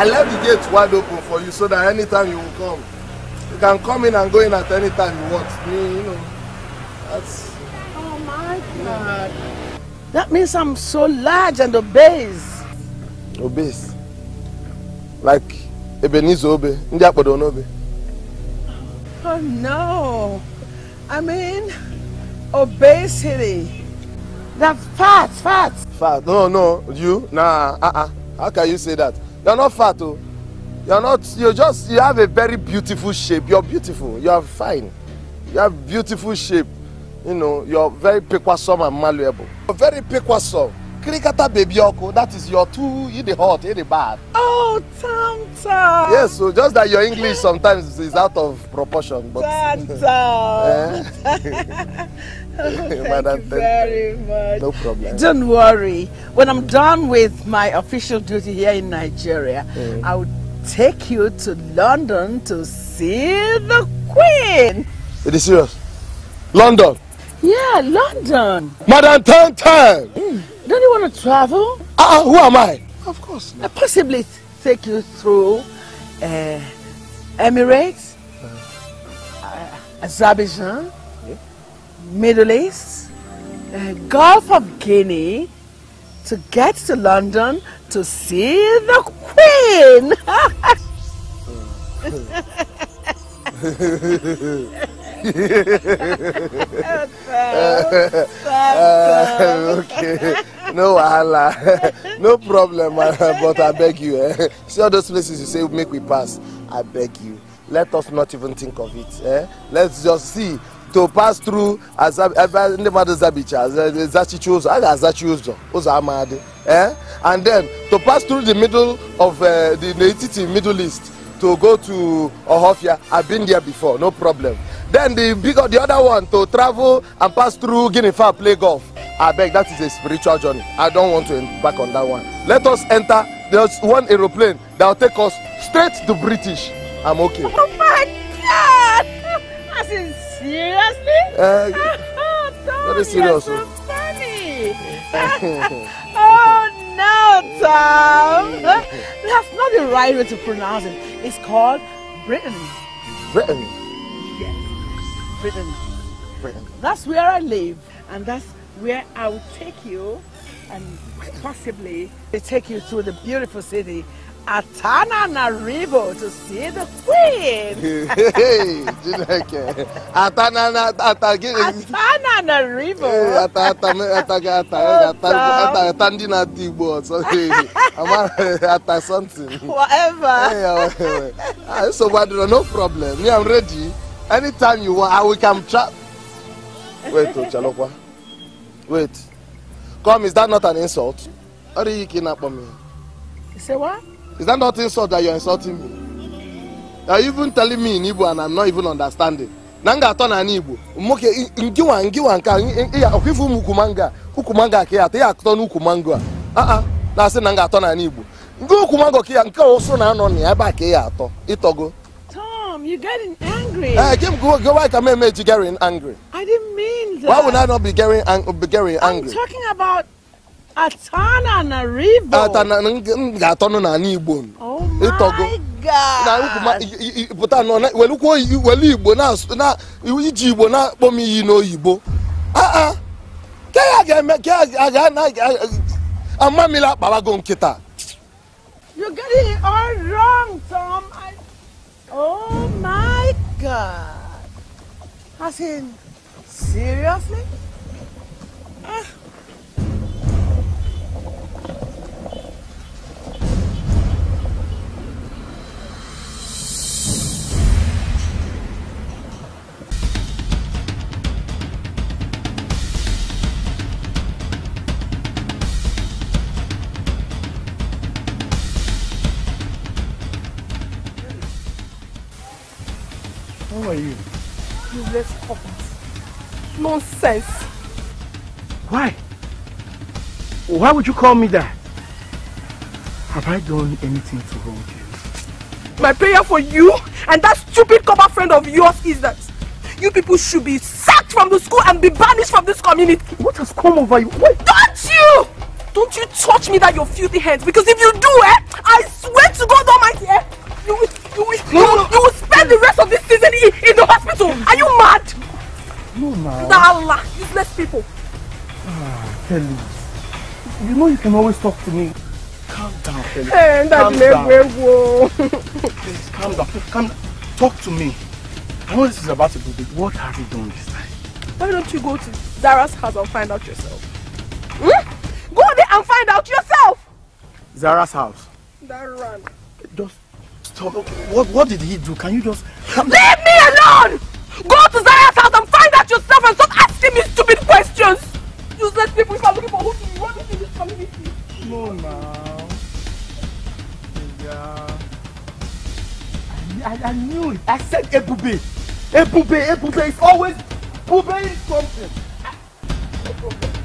I left the gate wide open for you so that anytime you will come, you can come in and go in at any time you want. Me, you know, that's. Oh my God. That means I'm so large and obese. Obese? Like Ebenezer Obe, ndị akpọrọ Oh no, I mean obesity. That fat, fat. Fat? No, no, you? Nah, uh-uh. How can you say that? You're not fat, oh. You're not, you just, you have a very beautiful shape. You're beautiful. You're fine. You have beautiful shape. You know, you're very pequasome and malleable. You're very pequasome. Kirikata baby ọkọ, that is your two, you the hot, you the bad. Oh, Tam Tam! Yes, so just that your English sometimes is out of proportion. But, Tam Tam! Eh? Thank you very much. No problem. Don't worry. When I'm done with my official duty here in Nigeria, mm. I'll take you to London to see the Queen. It is serious. London. Yeah, London. Madam turn Mm. Don't you want to travel? Ah, uh, who am I? Of course. Not. I possibly take you through uh, Emirates, mm. uh, Azerbaijan. Middle East, uh, Gulf of Guinea, to get to London to see the Queen. uh, okay. No Allah. no problem, uh, but I beg you. Eh? See all those places you say make we pass. I beg you. Let us not even think of it. Eh? Let's just see to pass through ebe ndị mmadụ zabicha zachichi ụzọ a ga-azachi ụzọ ụzọ ama adị eh and then to pass through the middle of uh, the n'etiti middle east to go to ohofia i've been there before no problem then the big, the other one to travel and pass through guinea fowl play golf I beg, that is a spiritual journey i don want to back on that one let us enter there's one aeroplane that will take us straight to british i'm okay. oh my god that's insane. Seriously? Uh, that is serious. So funny. oh no, Tom. That's not the right way to pronounce it. It's called Britain. Britain. Yes, Britain. Britain. That's where I live, and that's where I will take you, and possibly take you to the beautiful city Atana Antananarivo to see the queen. hey, Chineke. Atanana ata gịnị? Antananarivo. Ata ata ata ata ata ata ndị na-ata Igbo ọzọ. Ata something. Whatever. Hey, ah, so Badro, no problem. Me, I'm ready. Anytime you want, ah, we can trap. Wait, oh, Chalokwa. Wait. Come, is that not an insult? How do you kidnap me? You say what? Is that not insult that you're insulting me? You're even telling me in Igbo and I'm not even understanding. na m ga-atọ n'ala Igbo nwoke ngiwa ngịwa nke ọkwa ife ụmụ ukwu mango a ukwu mango a ka ya atọ ya atọ n'ukwu mango a aa na-asị na m ga-atọ n'ala Igbo ndị ukwu mango ka ya nke ụsụ na-anọ na ya ebe a ka ya atọ ịtọgo Tom, you're getting angry. Uh, give, go, go, why can I make you getting angry? I didn't mean that. Why would I not be getting, ang be getting angry? I'm talking about ga na n'ala Igbo ịtọgo pụta were Igbo iji Igbo na-akpọ iyi n'oyibo amamili akpalago nkịta I... Oh my God. seriously? Ah. Why? Why would you call me that? Have I done anything to wrong you? My prayer for you and that stupid cover friend of yours is that you people should be sacked from the school and be banished from this community. What has come over you? What? Don't you! Don't you touch me that your filthy hands because if you do, eh, I swear to God Almighty, eh, you will, you will, no, you now. Allah, useless people. Ah, Kelly, you know you can always talk to me. Calm down, Kelly. Eh, hey, calm down. Please, calm down. Calm down. Talk to me. I know this is about to be big. What have you done this time? Why don't you go to Zara's house and find out yourself? Hmm? Go there and find out yourself! Zara's house? Zara. Just stop. What, what did he do? Can you just... Leave me alone! Go to Zara's yourself and stop asking me stupid questions! Useless people, if I'm looking for who you to run into this community. No, now. Yeah. I, I, I knew it. I said Ebube. Ebube, Ebube is always Ebube is something. No problem.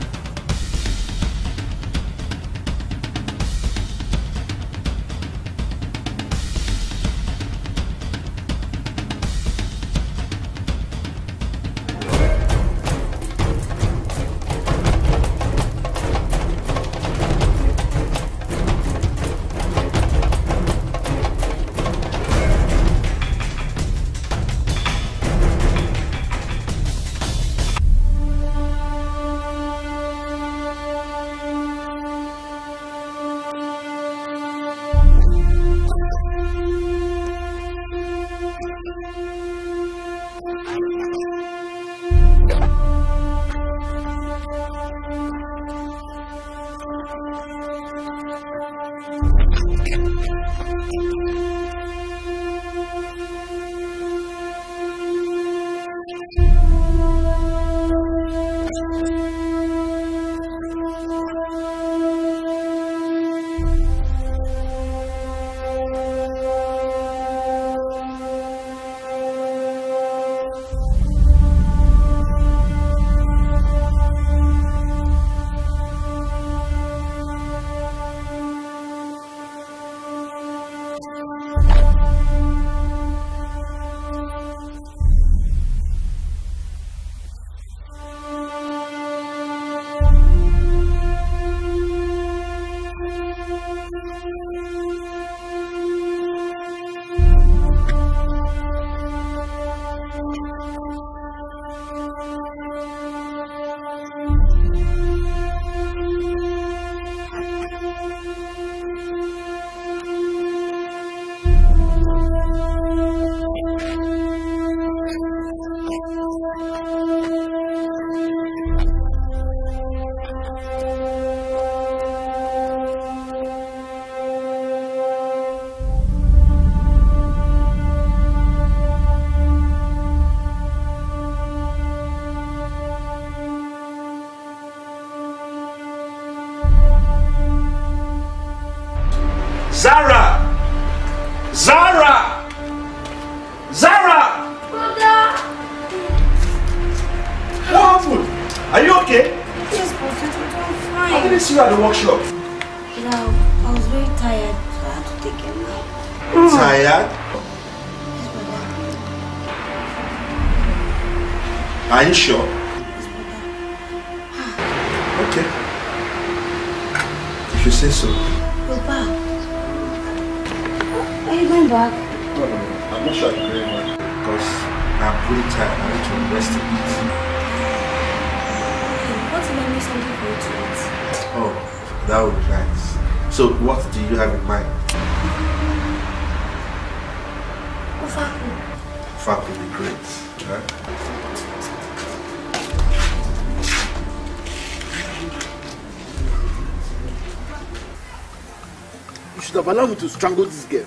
allow me to strangle this girl.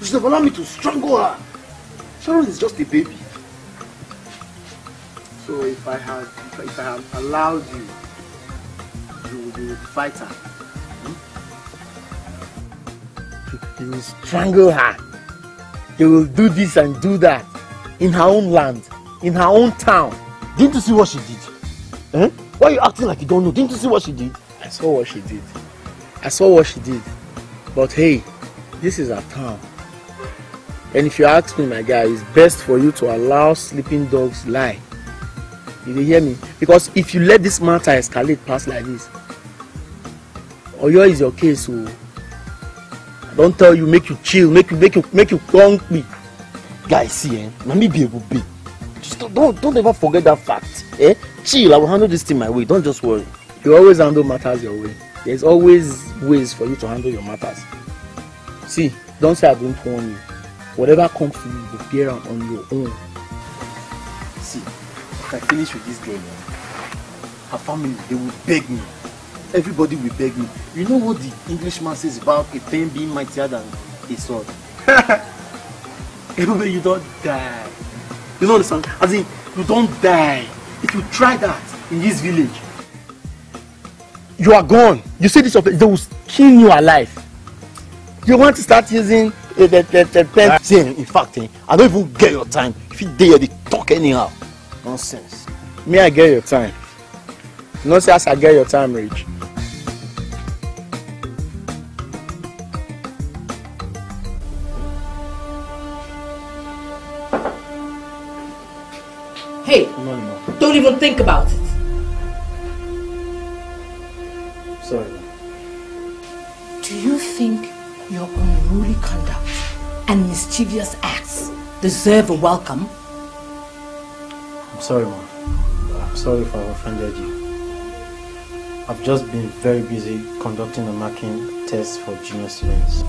You should have allowed me to strangle her. Sharon is just a baby. So if I had, if I, if I had allowed you, you would, be a fighter. her. Hmm? You will strangle her. You will do this and do that in her own land, in her own town. Didn't you see what she did? Eh? Why are you acting like you don't know? Didn't you see what she did? I saw what she did. I saw what she did. But hey, this is our town. And if you ask me, my guy, it's best for you to allow sleeping dogs lie. Did you hear me? Because if you let this matter escalate past like this, Oyo is your case. So oh. I don't tell you, make you chill, make you make you make you me. Guys, see, eh? Let me be able to be. Just don't, don't don't ever forget that fact. Eh? Chill, I will handle this thing my way. Don't just worry. You always handle matters your way. there's always ways for you to handle your matters see don say i don't warn you whatever comes to you go bear am on your own see if i finish with this girl her family they will beg me everybody will beg me you know what the englishman says about a pen being mightier than a sword everybody you don die you no understand as in you don die if you try that in this village you are gone. You see this offense, they will kill you alive. You want to start using uh, the, the, the pen. See, in fact, eh, I don't even get your time. If you dare, they talk anyhow. Nonsense. Me, I get your time. Nonsense, I get your time, Rich. Hey, don't even think about it. conduct and mischievous acts deserve a welcome. I'm sorry, Mom. I'm sorry if I offended you. I've just been very busy conducting a marking test for junior students.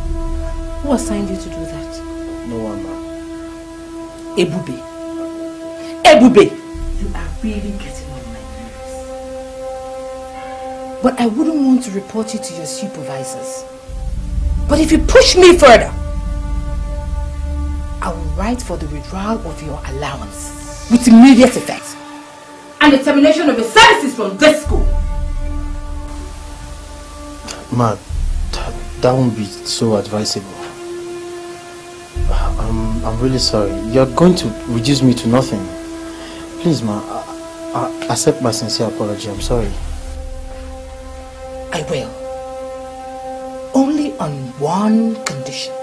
Who assigned you to do that? No one, ma'am. Ebube. Ebube! You are really getting on my nerves. But I wouldn't want to report you to your supervisors. But if you push me further, I will write for the withdrawal of your allowance with immediate effect and the termination of your services from this school. Ma, that, that won't be so advisable. I'm, I'm really sorry. You're going to reduce me to nothing. Please, ma, I, I accept my sincere apology. I'm sorry. I will only on one condition.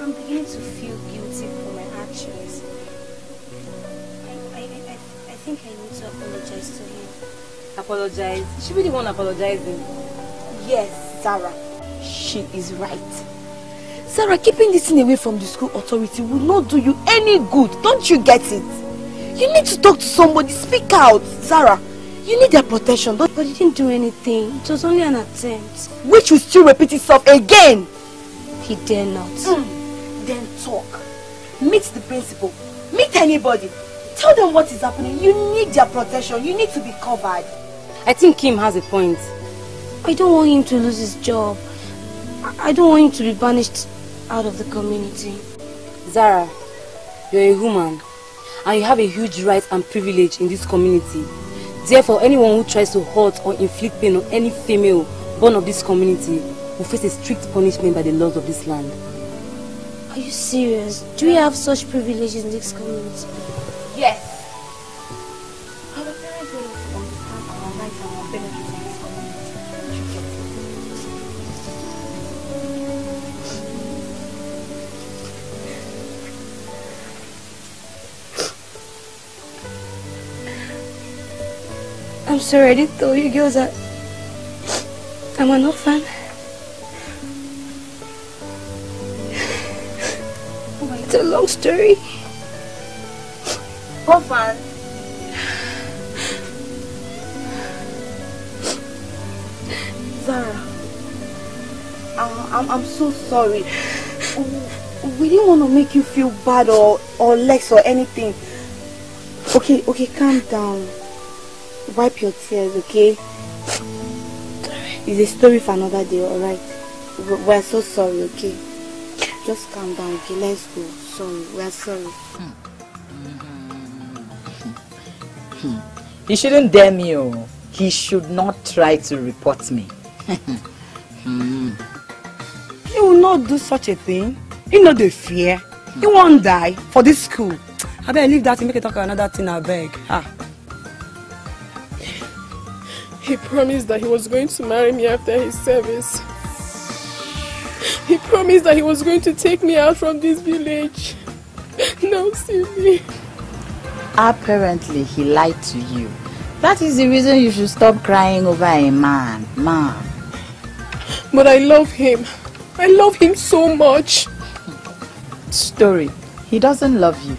I'm beginning to feel guilty for my actions. I, I, I, I think I need to apologize to him. Apologize? She really won't apologize then. Yes, Sarah. She is right. Sarah, keeping this thing away from the school authority will not do you any good. Don't you get it? You need to talk to somebody. Speak out, Zara. You need their protection. but you didn't do anything. It was only an attempt. Which will still repeat itself again. He dare not. Mm. Then talk. Meet the principal. Meet anybody. Tell them what is happening. You need their protection. You need to be covered. I think Kim has a point. I don't want him to lose his job. I don't want him to be banished out of the community. Zara, you're a woman and you have a huge right and privilege in this community. Therefore, anyone who tries to hurt or inflict pain on any female born of this community will face a strict punishment by the laws of this land. Are you serious? Do we have such privileges in this community? Yes. so ready to you girls that I'm an orphan. It's a long story. Orphan? Zara, I'm, I'm, I'm so sorry. We didn't want to make you feel bad or, or less or anything. Okay, okay, calm down. Wipe your tears, okay? It's a story for another day, alright? We're so sorry, okay? Just calm down, okay? Let's go. Sorry, we're sorry. Hmm. He shouldn't dare me, oh. He should not try to report me. Hmm. He will not do such a thing. He know the fear. He won't die for this school. I beg leave that and make a talk another thing, I beg. Ah. He promised that he was going to marry me after his service. He promised that he was going to take me out from this village. Now see me. Apparently he lied to you. That is the reason you should stop crying over a man. Man. But I love him. I love him so much. Story. He doesn't love you.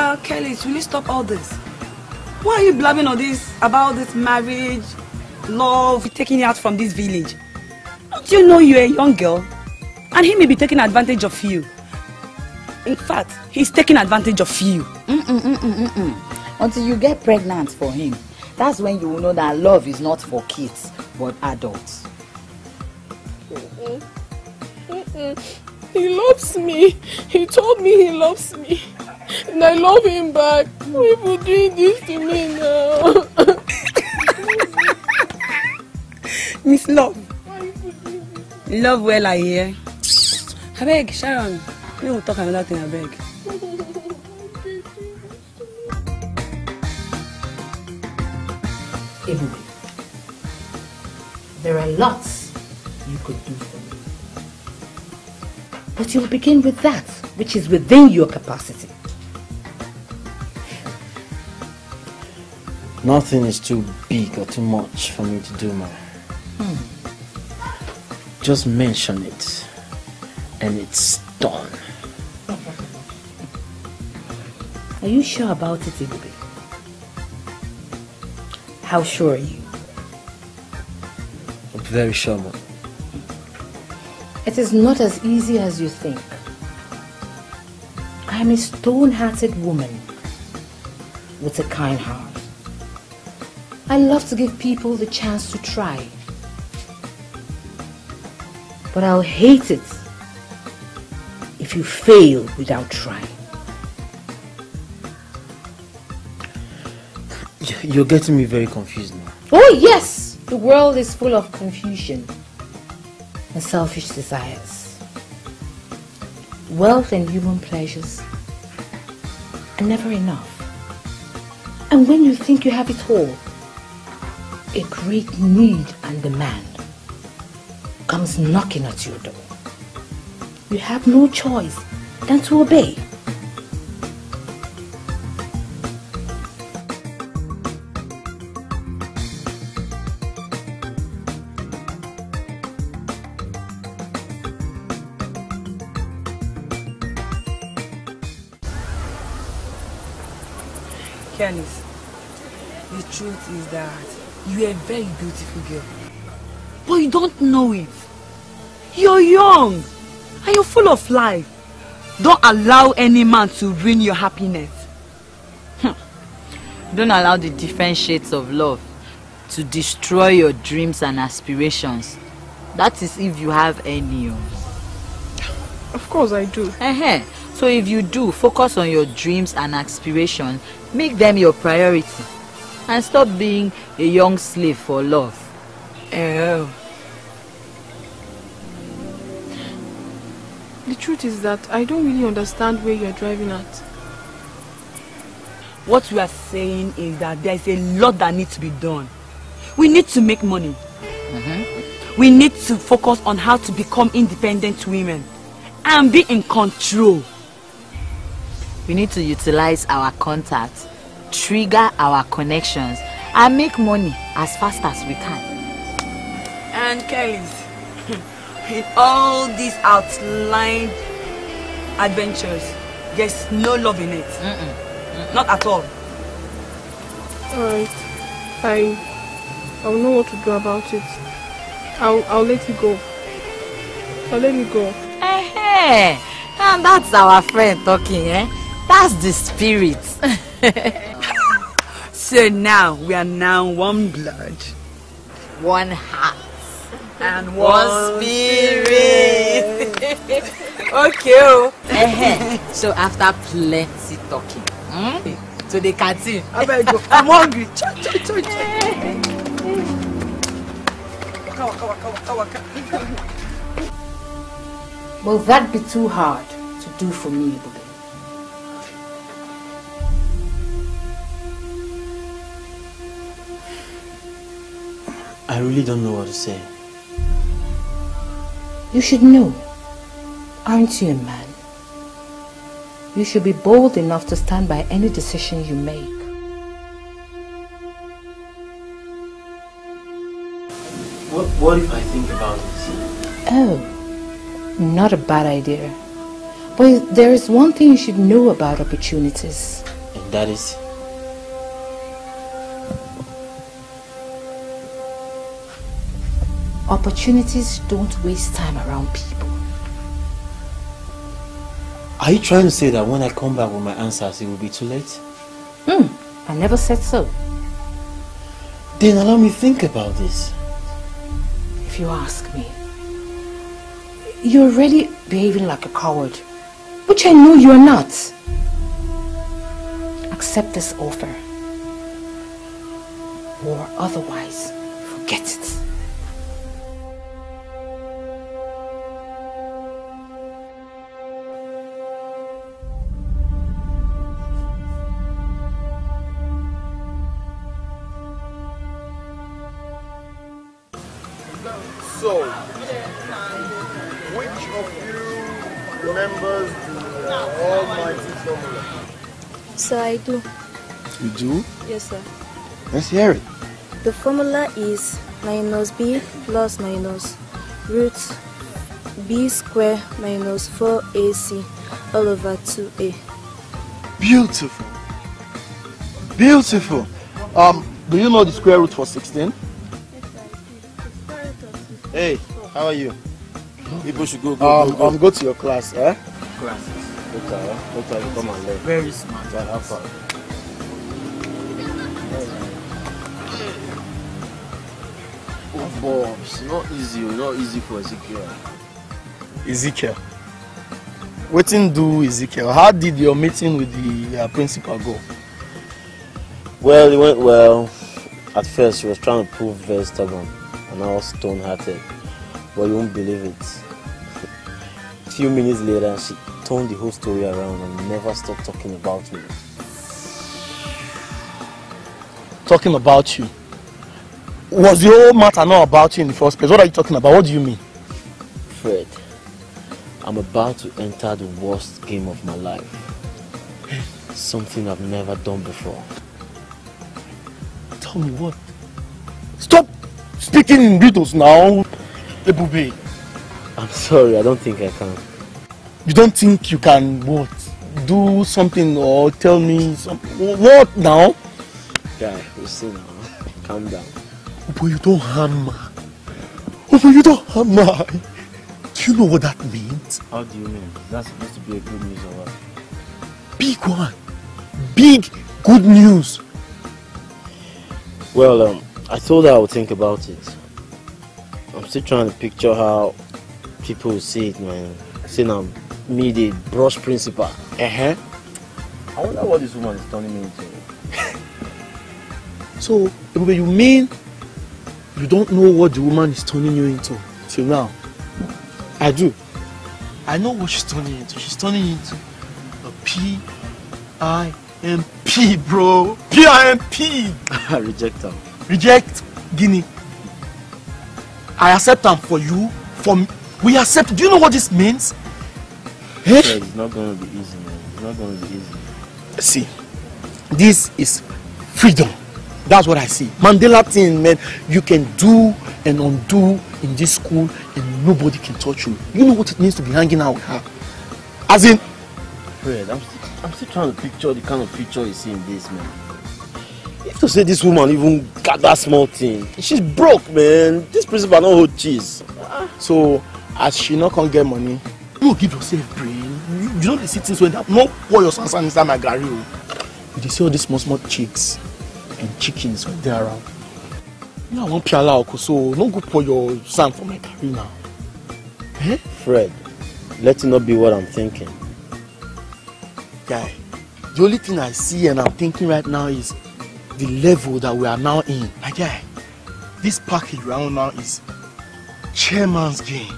uh, Kelly, will you stop all this? Why are you blabbing all this about this marriage, love, taking you out from this village? Don't you know you're a young girl? And he may be taking advantage of you. In fact, he's taking advantage of you. Mm -mm, mm -mm, mm -mm. Until you get pregnant for him, that's when you will know that love is not for kids, but adults. Mm -mm. Mm -mm. He loves me. He told me he loves me. And I love him back. People doing this to me now. Miss Love. Love well I hear. I beg, Sharon. We will talk another thing, I beg. Ebube, there are lots you could do for but you'll begin with that which is within your capacity. Nothing is too big or too much for me to do, ma. Hmm. Just mention it, and it's done. Are you sure about it, Igbe? How sure are you? I'm very sure, Mom. It is not as easy as you think. I am a stone-hearted woman with a kind heart. I love to give people the chance to try. But I'll hate it if you fail without trying. You're getting me very confused now. Oh yes! The world is full of confusion and selfish desires. Wealth and human pleasures are never enough. And when you think you have it all, a great need and demand comes knocking at your door. You have no choice than to obey. You are a very beautiful girl. But you don't know it. You're young. And you're full of life. Don't allow any man to ruin your happiness. Hmm. don't allow the different shades of love to destroy your dreams and aspirations. That is if you have any. Oh. Of course I do. So if you do, focus on your dreams and aspirations. Make them your priority and stop being a young slave for love. Oh. The truth is that I don't really understand where you're driving at. What we are saying is that there's a lot that needs to be done. We need to make money. Mm -hmm. We need to focus on how to become independent women and be in control. We need to utilize our contacts trigger our connections and make money as fast as we can. And Kelly's, in all these outlined adventures, there's no love in it. Mm -mm. Mm Not at all. Alright, I, I will know what to do about it. I'll, I'll let you go. I'll let you go. hey, hey. and that's our friend talking, eh? That's the spirit. So now we are now one blood, one heart, and one spirit. okay. Oh. so after plenty talking, hmm? to the canteen. I I'm hungry. Will that be too hard to do for me, I really don't know what to say. You should know. Aren't you a man? You should be bold enough to stand by any decision you make. What, what if I think about it? Oh, not a bad idea. But there is one thing you should know about opportunities. And that is? Opportunities don't waste time around people. Are you trying to say that when I come back with my answers, it will be too late? Hmm, I never said so. Then allow me think about this. If you ask me, you're already behaving like a coward, which I know you're not. Accept this offer, or otherwise, forget it. do. You do? Yes, sir. Let's hear it. The formula is minus b plus minus root b square minus 4ac all over 2a. Beautiful. Beautiful. Um, do you know the square root for 16? Hey, how are you? People should go, go, um, go, go. Um, go to your class, eh? Class come on, look. Very smart. Right, how far? Oh, Bobs, not easy, oh, not easy for Ezekiel. Ezekiel. Waiting do Ezekiel. How did your meeting with the uh, principal go? Well, it went well. At first, she was trying to prove very stubborn and I was stone hearted. But you won't believe it. Few minutes later, she turned the whole story around and never stopped talking about me. Talking about you? Was the whole matter not about you in the first place? What are you talking about? What do you mean? Fred, I'm about to enter the worst game of my life. Something I've never done before. Tell me what? Stop speaking in riddles now, Ebube. I'm sorry, I don't think I can. You don't think you can what? Do something or tell me something? What now? Guy, yeah, you see now. Calm down. But you don't hammer. Oh, but you don't hammer. Do you know what that means? How do you mean? That's supposed to be a good news or what? Big one. Big good news. Well, um, I told her I would think about it. I'm still trying to picture how people see it, man. See now, me the brush principal. Uh-huh. I wonder what this woman is turning me into. so, you mean you don't know what the woman is turning you into till now? I do. I know what she's turning into. She's turning into a P I M P, bro. P I M P. Reject her. Reject Guinea. I accept them for you, for me. We accept. Do you know what this means? It's not going to be easy, man. It's not going to be easy. See, this is freedom. That's what I see. Mandela thing, man, you can do and undo in this school and nobody can touch you. You know what it means to be hanging out with her. As in... Fred, I'm, st I'm still trying to picture the kind of picture you see in this, man. If to say this woman even got that small thing, she's broke, man. This principal don't hold cheese. Ah. So, as she no come get money you give yourself brain you, you no dey see things wey no pour your sansan inside my garri o oh. you dey see all these small small chicks and chickens wey dey around me i wan piala oko so no go pour your sand for my garri now. Eh? fred let it not be what i'm thinking. guy the only thing i see and i'm thinking right now is the level that we are now in. My guy, this package we now is chairman's game.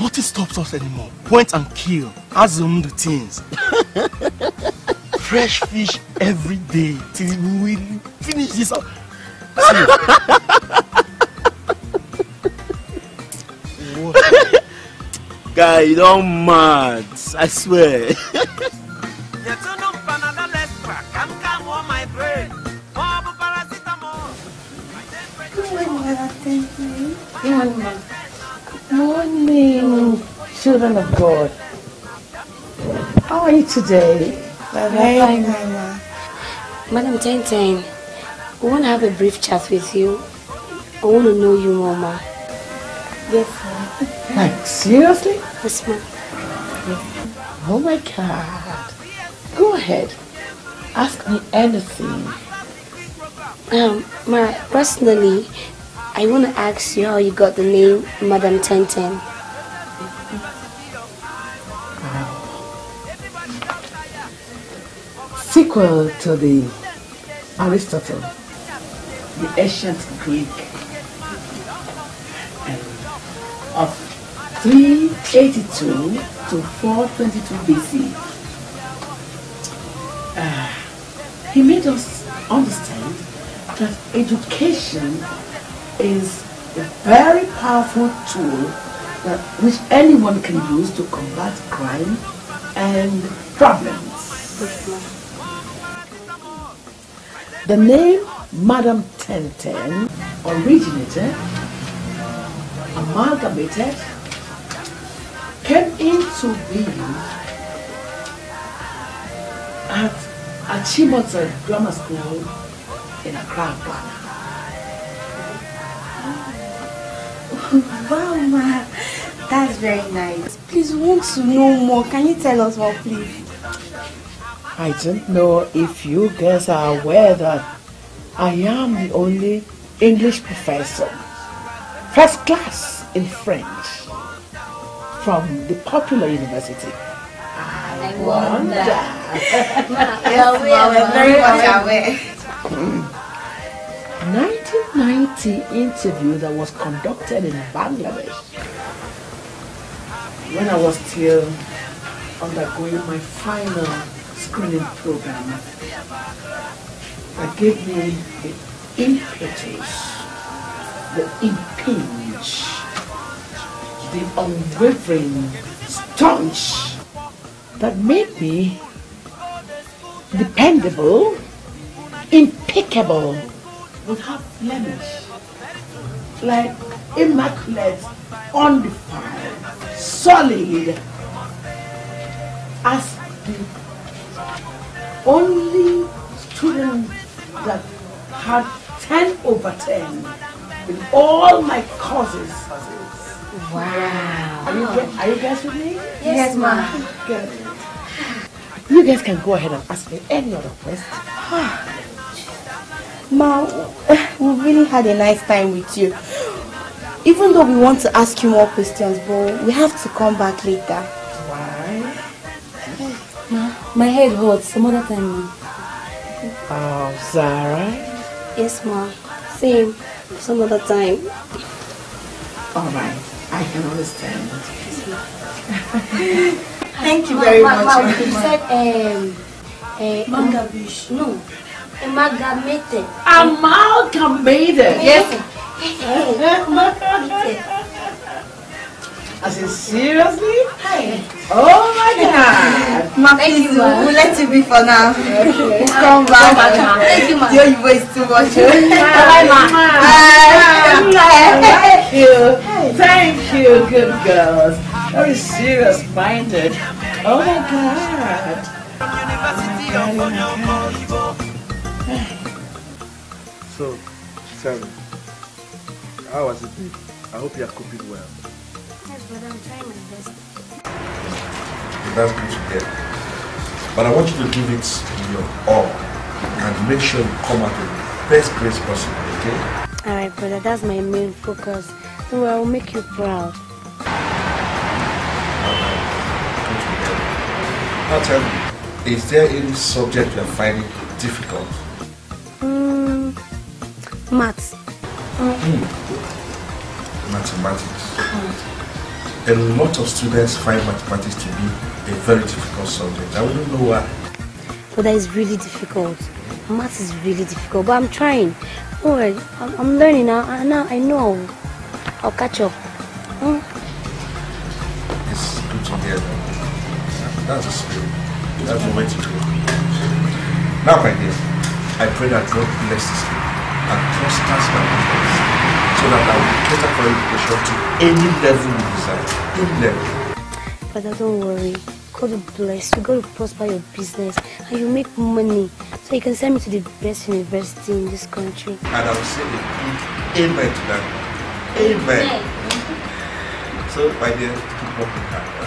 Nothing stops us anymore. Point and kill. Assume the things. Fresh fish every day till we finish this up. Guy, you don't mad. I swear. Oh, Thank you. Morning, children of God. How are you today? Bye bye, Mama. Madam Tenten, we want to have a brief chat with you. I want to know you, Mama. Yes, Like, seriously? Yes, Mama. Oh my God. Go ahead. Ask me anything. Um, my, personally, I want to ask you how you got the name Madam Tenten. sequel to the Aristotle, the ancient Greek um, of 382 to 422 BC. Uh, he made us understand that education is a very powerful tool that, which anyone can use to combat crime and problems. The name Madam 1010 originated, amalgamated, came into being at Achimota Grammar School in Accra, Ghana. Wow, ma. That's very nice. Please, we want to know more. Can you tell us more, please? I don't know if you guys are aware that I am the only English professor, first class in French, from the popular university. I wonder. wonder. yes, well, we're very much aware. Hmm. 1990 interview that was conducted in Bangladesh when I was still undergoing my final screening program that gave me the impetus, the impinge, the unwavering staunch that made me dependable, impeccable, without blemish, like immaculate, undefiled, solid, as the only student that had 10 over 10 in all my courses. Wow. Are you, are you guys with me? Yes, yes ma'am. Good. You guys can go ahead and ask me any other question. Ah. Ma, eh, we really had a nice time with you. Even though we want to ask you more questions, but we have to come back later. Why? Ma, my head hurts. Some other time, ma. Oh, Zara. Yes, ma. Same. Some other time. All right. I can understand. Thank you very ma, much. Ma, ma, you said, um, uh, No. Amalgamated. Amalgamated. Yes. I said, seriously? Hi. Oh my God. Thank you, ma. We'll let you be for now. Okay. Come back. Come back ma. Thank you, ma. Your voice too much. Bye, ma. Bye. Thank you. Thank you, good girls. Very serious minded. Oh my God. Oh my God. So, tell me, how was it been? I hope you are coping well. Yes, but I'm trying my best. That's good to hear. But I want you to give it your all and make sure you come out the best place possible, okay? Alright, brother, that's my main focus. So I will make you proud. Now tell me, is there any subject you are finding difficult? Mm, Maths. Mm. Mathematics. Mm. A lot of students find mathematics to be a very difficult subject. I do not know why. But that is really difficult. Maths is really difficult, but I'm trying. Don't worry, I'm, learning now. I, now I know. I'll catch up. Mm. It's good to hear that. That's a spirit. That's the way to do it. Now, my dear, I pray that God blesses you and clusters by clusters so that I will cater for education to any level we desire, any level. Father, don't worry. God will bless you. God will prosper your business and you make money so you can send me to the best university in this country. And I will say a big amen to that. Amen. amen. So, my dear, keep working hard.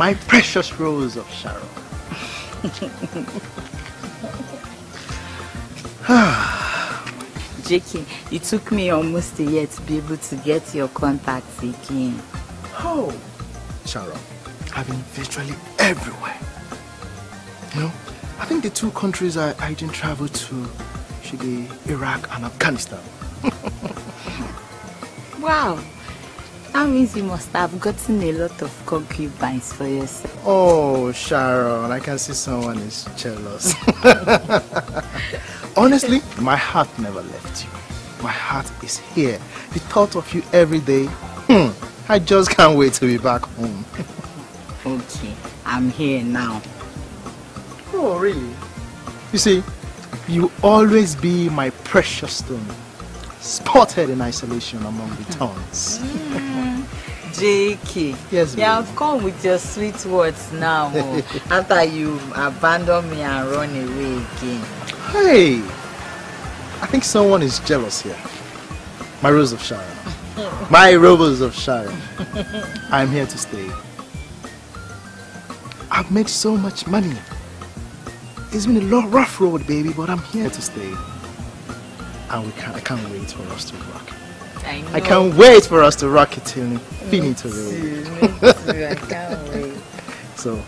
my precious rose of Sharon. JK, it took me almost a year to be able to get your contacts again. Oh, Sharon, I've been virtually everywhere. You know, I think the two countries I, I didn't travel to should be Iraq and Afghanistan. wow, that means you must have gotten a lot of concubines for yourself. Oh, Sharon, I can see someone is jealous. Honestly, my heart never left you. My heart is here. The thought of you every day. Hmm, I just can't wait to be back home. okay, I'm here now. Oh, really? You see, you always be my precious stone spotted in isolation among the towns. Mm. JK. Yes, You have come with your sweet words now oh, after you abandoned me and run away again. Hey, I think someone is jealous here. My Rose of Sharon. My Rose of Sharon. I'm here to stay. I've made so much money. It's been a rough road, baby, but I'm here to stay and we can't, I can't wait for us to rock. I, I can't wait for us to rock it till finito. Me too, I can't wait. So,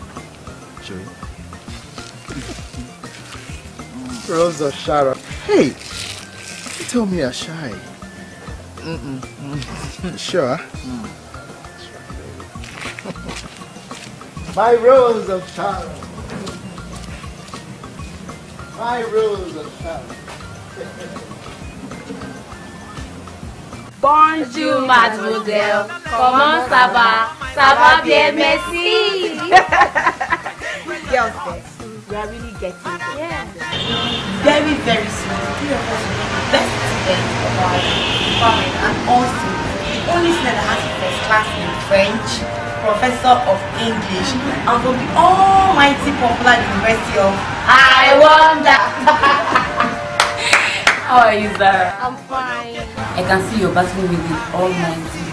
should we? Rosa Shara. Hey, you told me you're shy. Mm -mm. Sure. Mm. My Rose of Sharon. My Rose of Sharon. Bonjour mademoiselle, comment ça va? Ça va bien, merci. Girls, we are really getting it. Yeah. Very, very soon, best students of our department and also the only student that has first class in French, professor of English, and from the almighty popular University of I Wonder. How are you, Zara? I'm fine. I can see you're battling with all almighty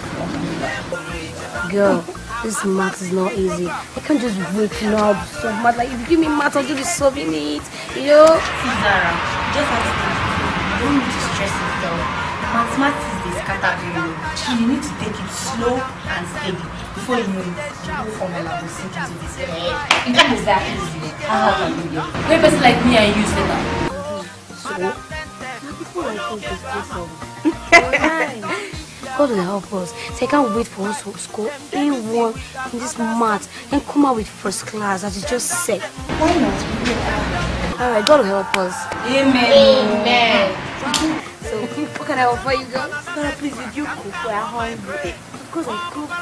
Girl, this math is not easy. I can't just wake to know how to solve math. Like, if you give me math, I'll just be solving it. You know? See, Zara, just as you don't need to stress yourself. math is this category. You need to take it slow and steady. Before you know it, the whole formula will sink into this head. It's not that easy. How hard are you? Very person like me and you, Stella. So, God will help us. So I can't wait for us to score A1 in this math and come out with first class as you just said. Why not? Alright, God will help us. Amen. Amen. So, what can I offer you guys? Sarah, please, if you cook, for hungry. Because I cooked,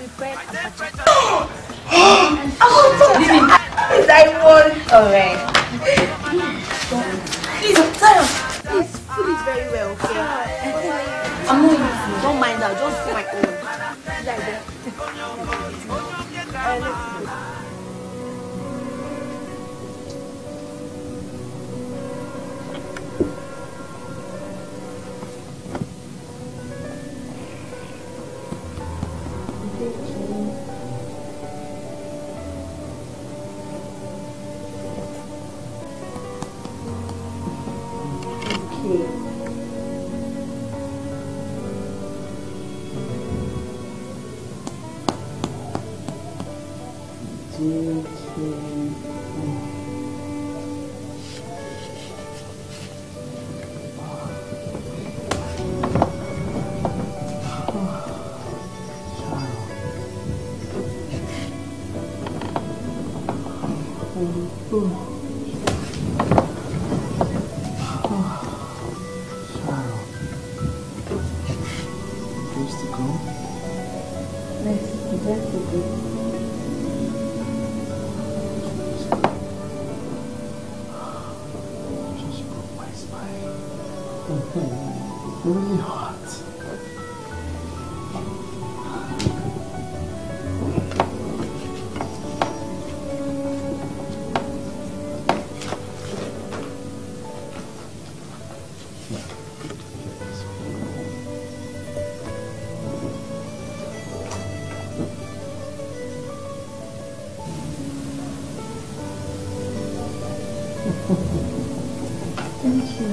We prepare a pacha. I want to Alright. Please, Sarah food is very well, I'm not eating food. Don't mind that. Just do my own. Like that.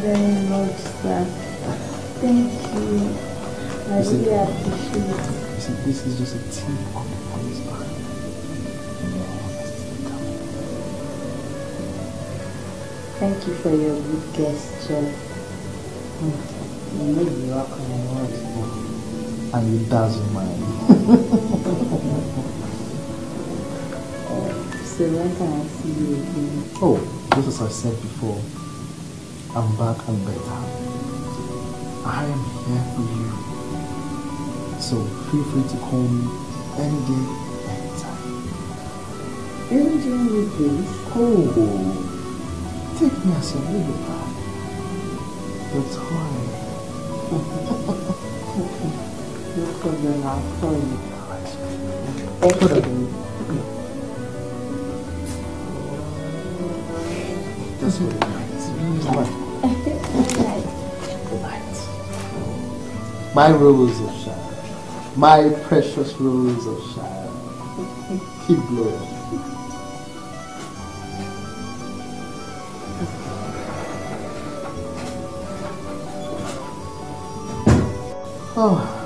very much, sir. Thank you. I really see, appreciate it. You see, this is just a tip of the police Thank you for your good gesture. Mm. You know you rock my world. And you dazzle mine. oh, so when can I see you again? Oh, just as I said before, back and I am here for you. So feel free to call me any day, anytime. Even during weekdays? Oh, take me as a little back. That's fine. You problem, I'll for you. Thank you. That's what it means. Come on. my rose of Sharon, my precious rose of Sharon, keep blowing. Oh.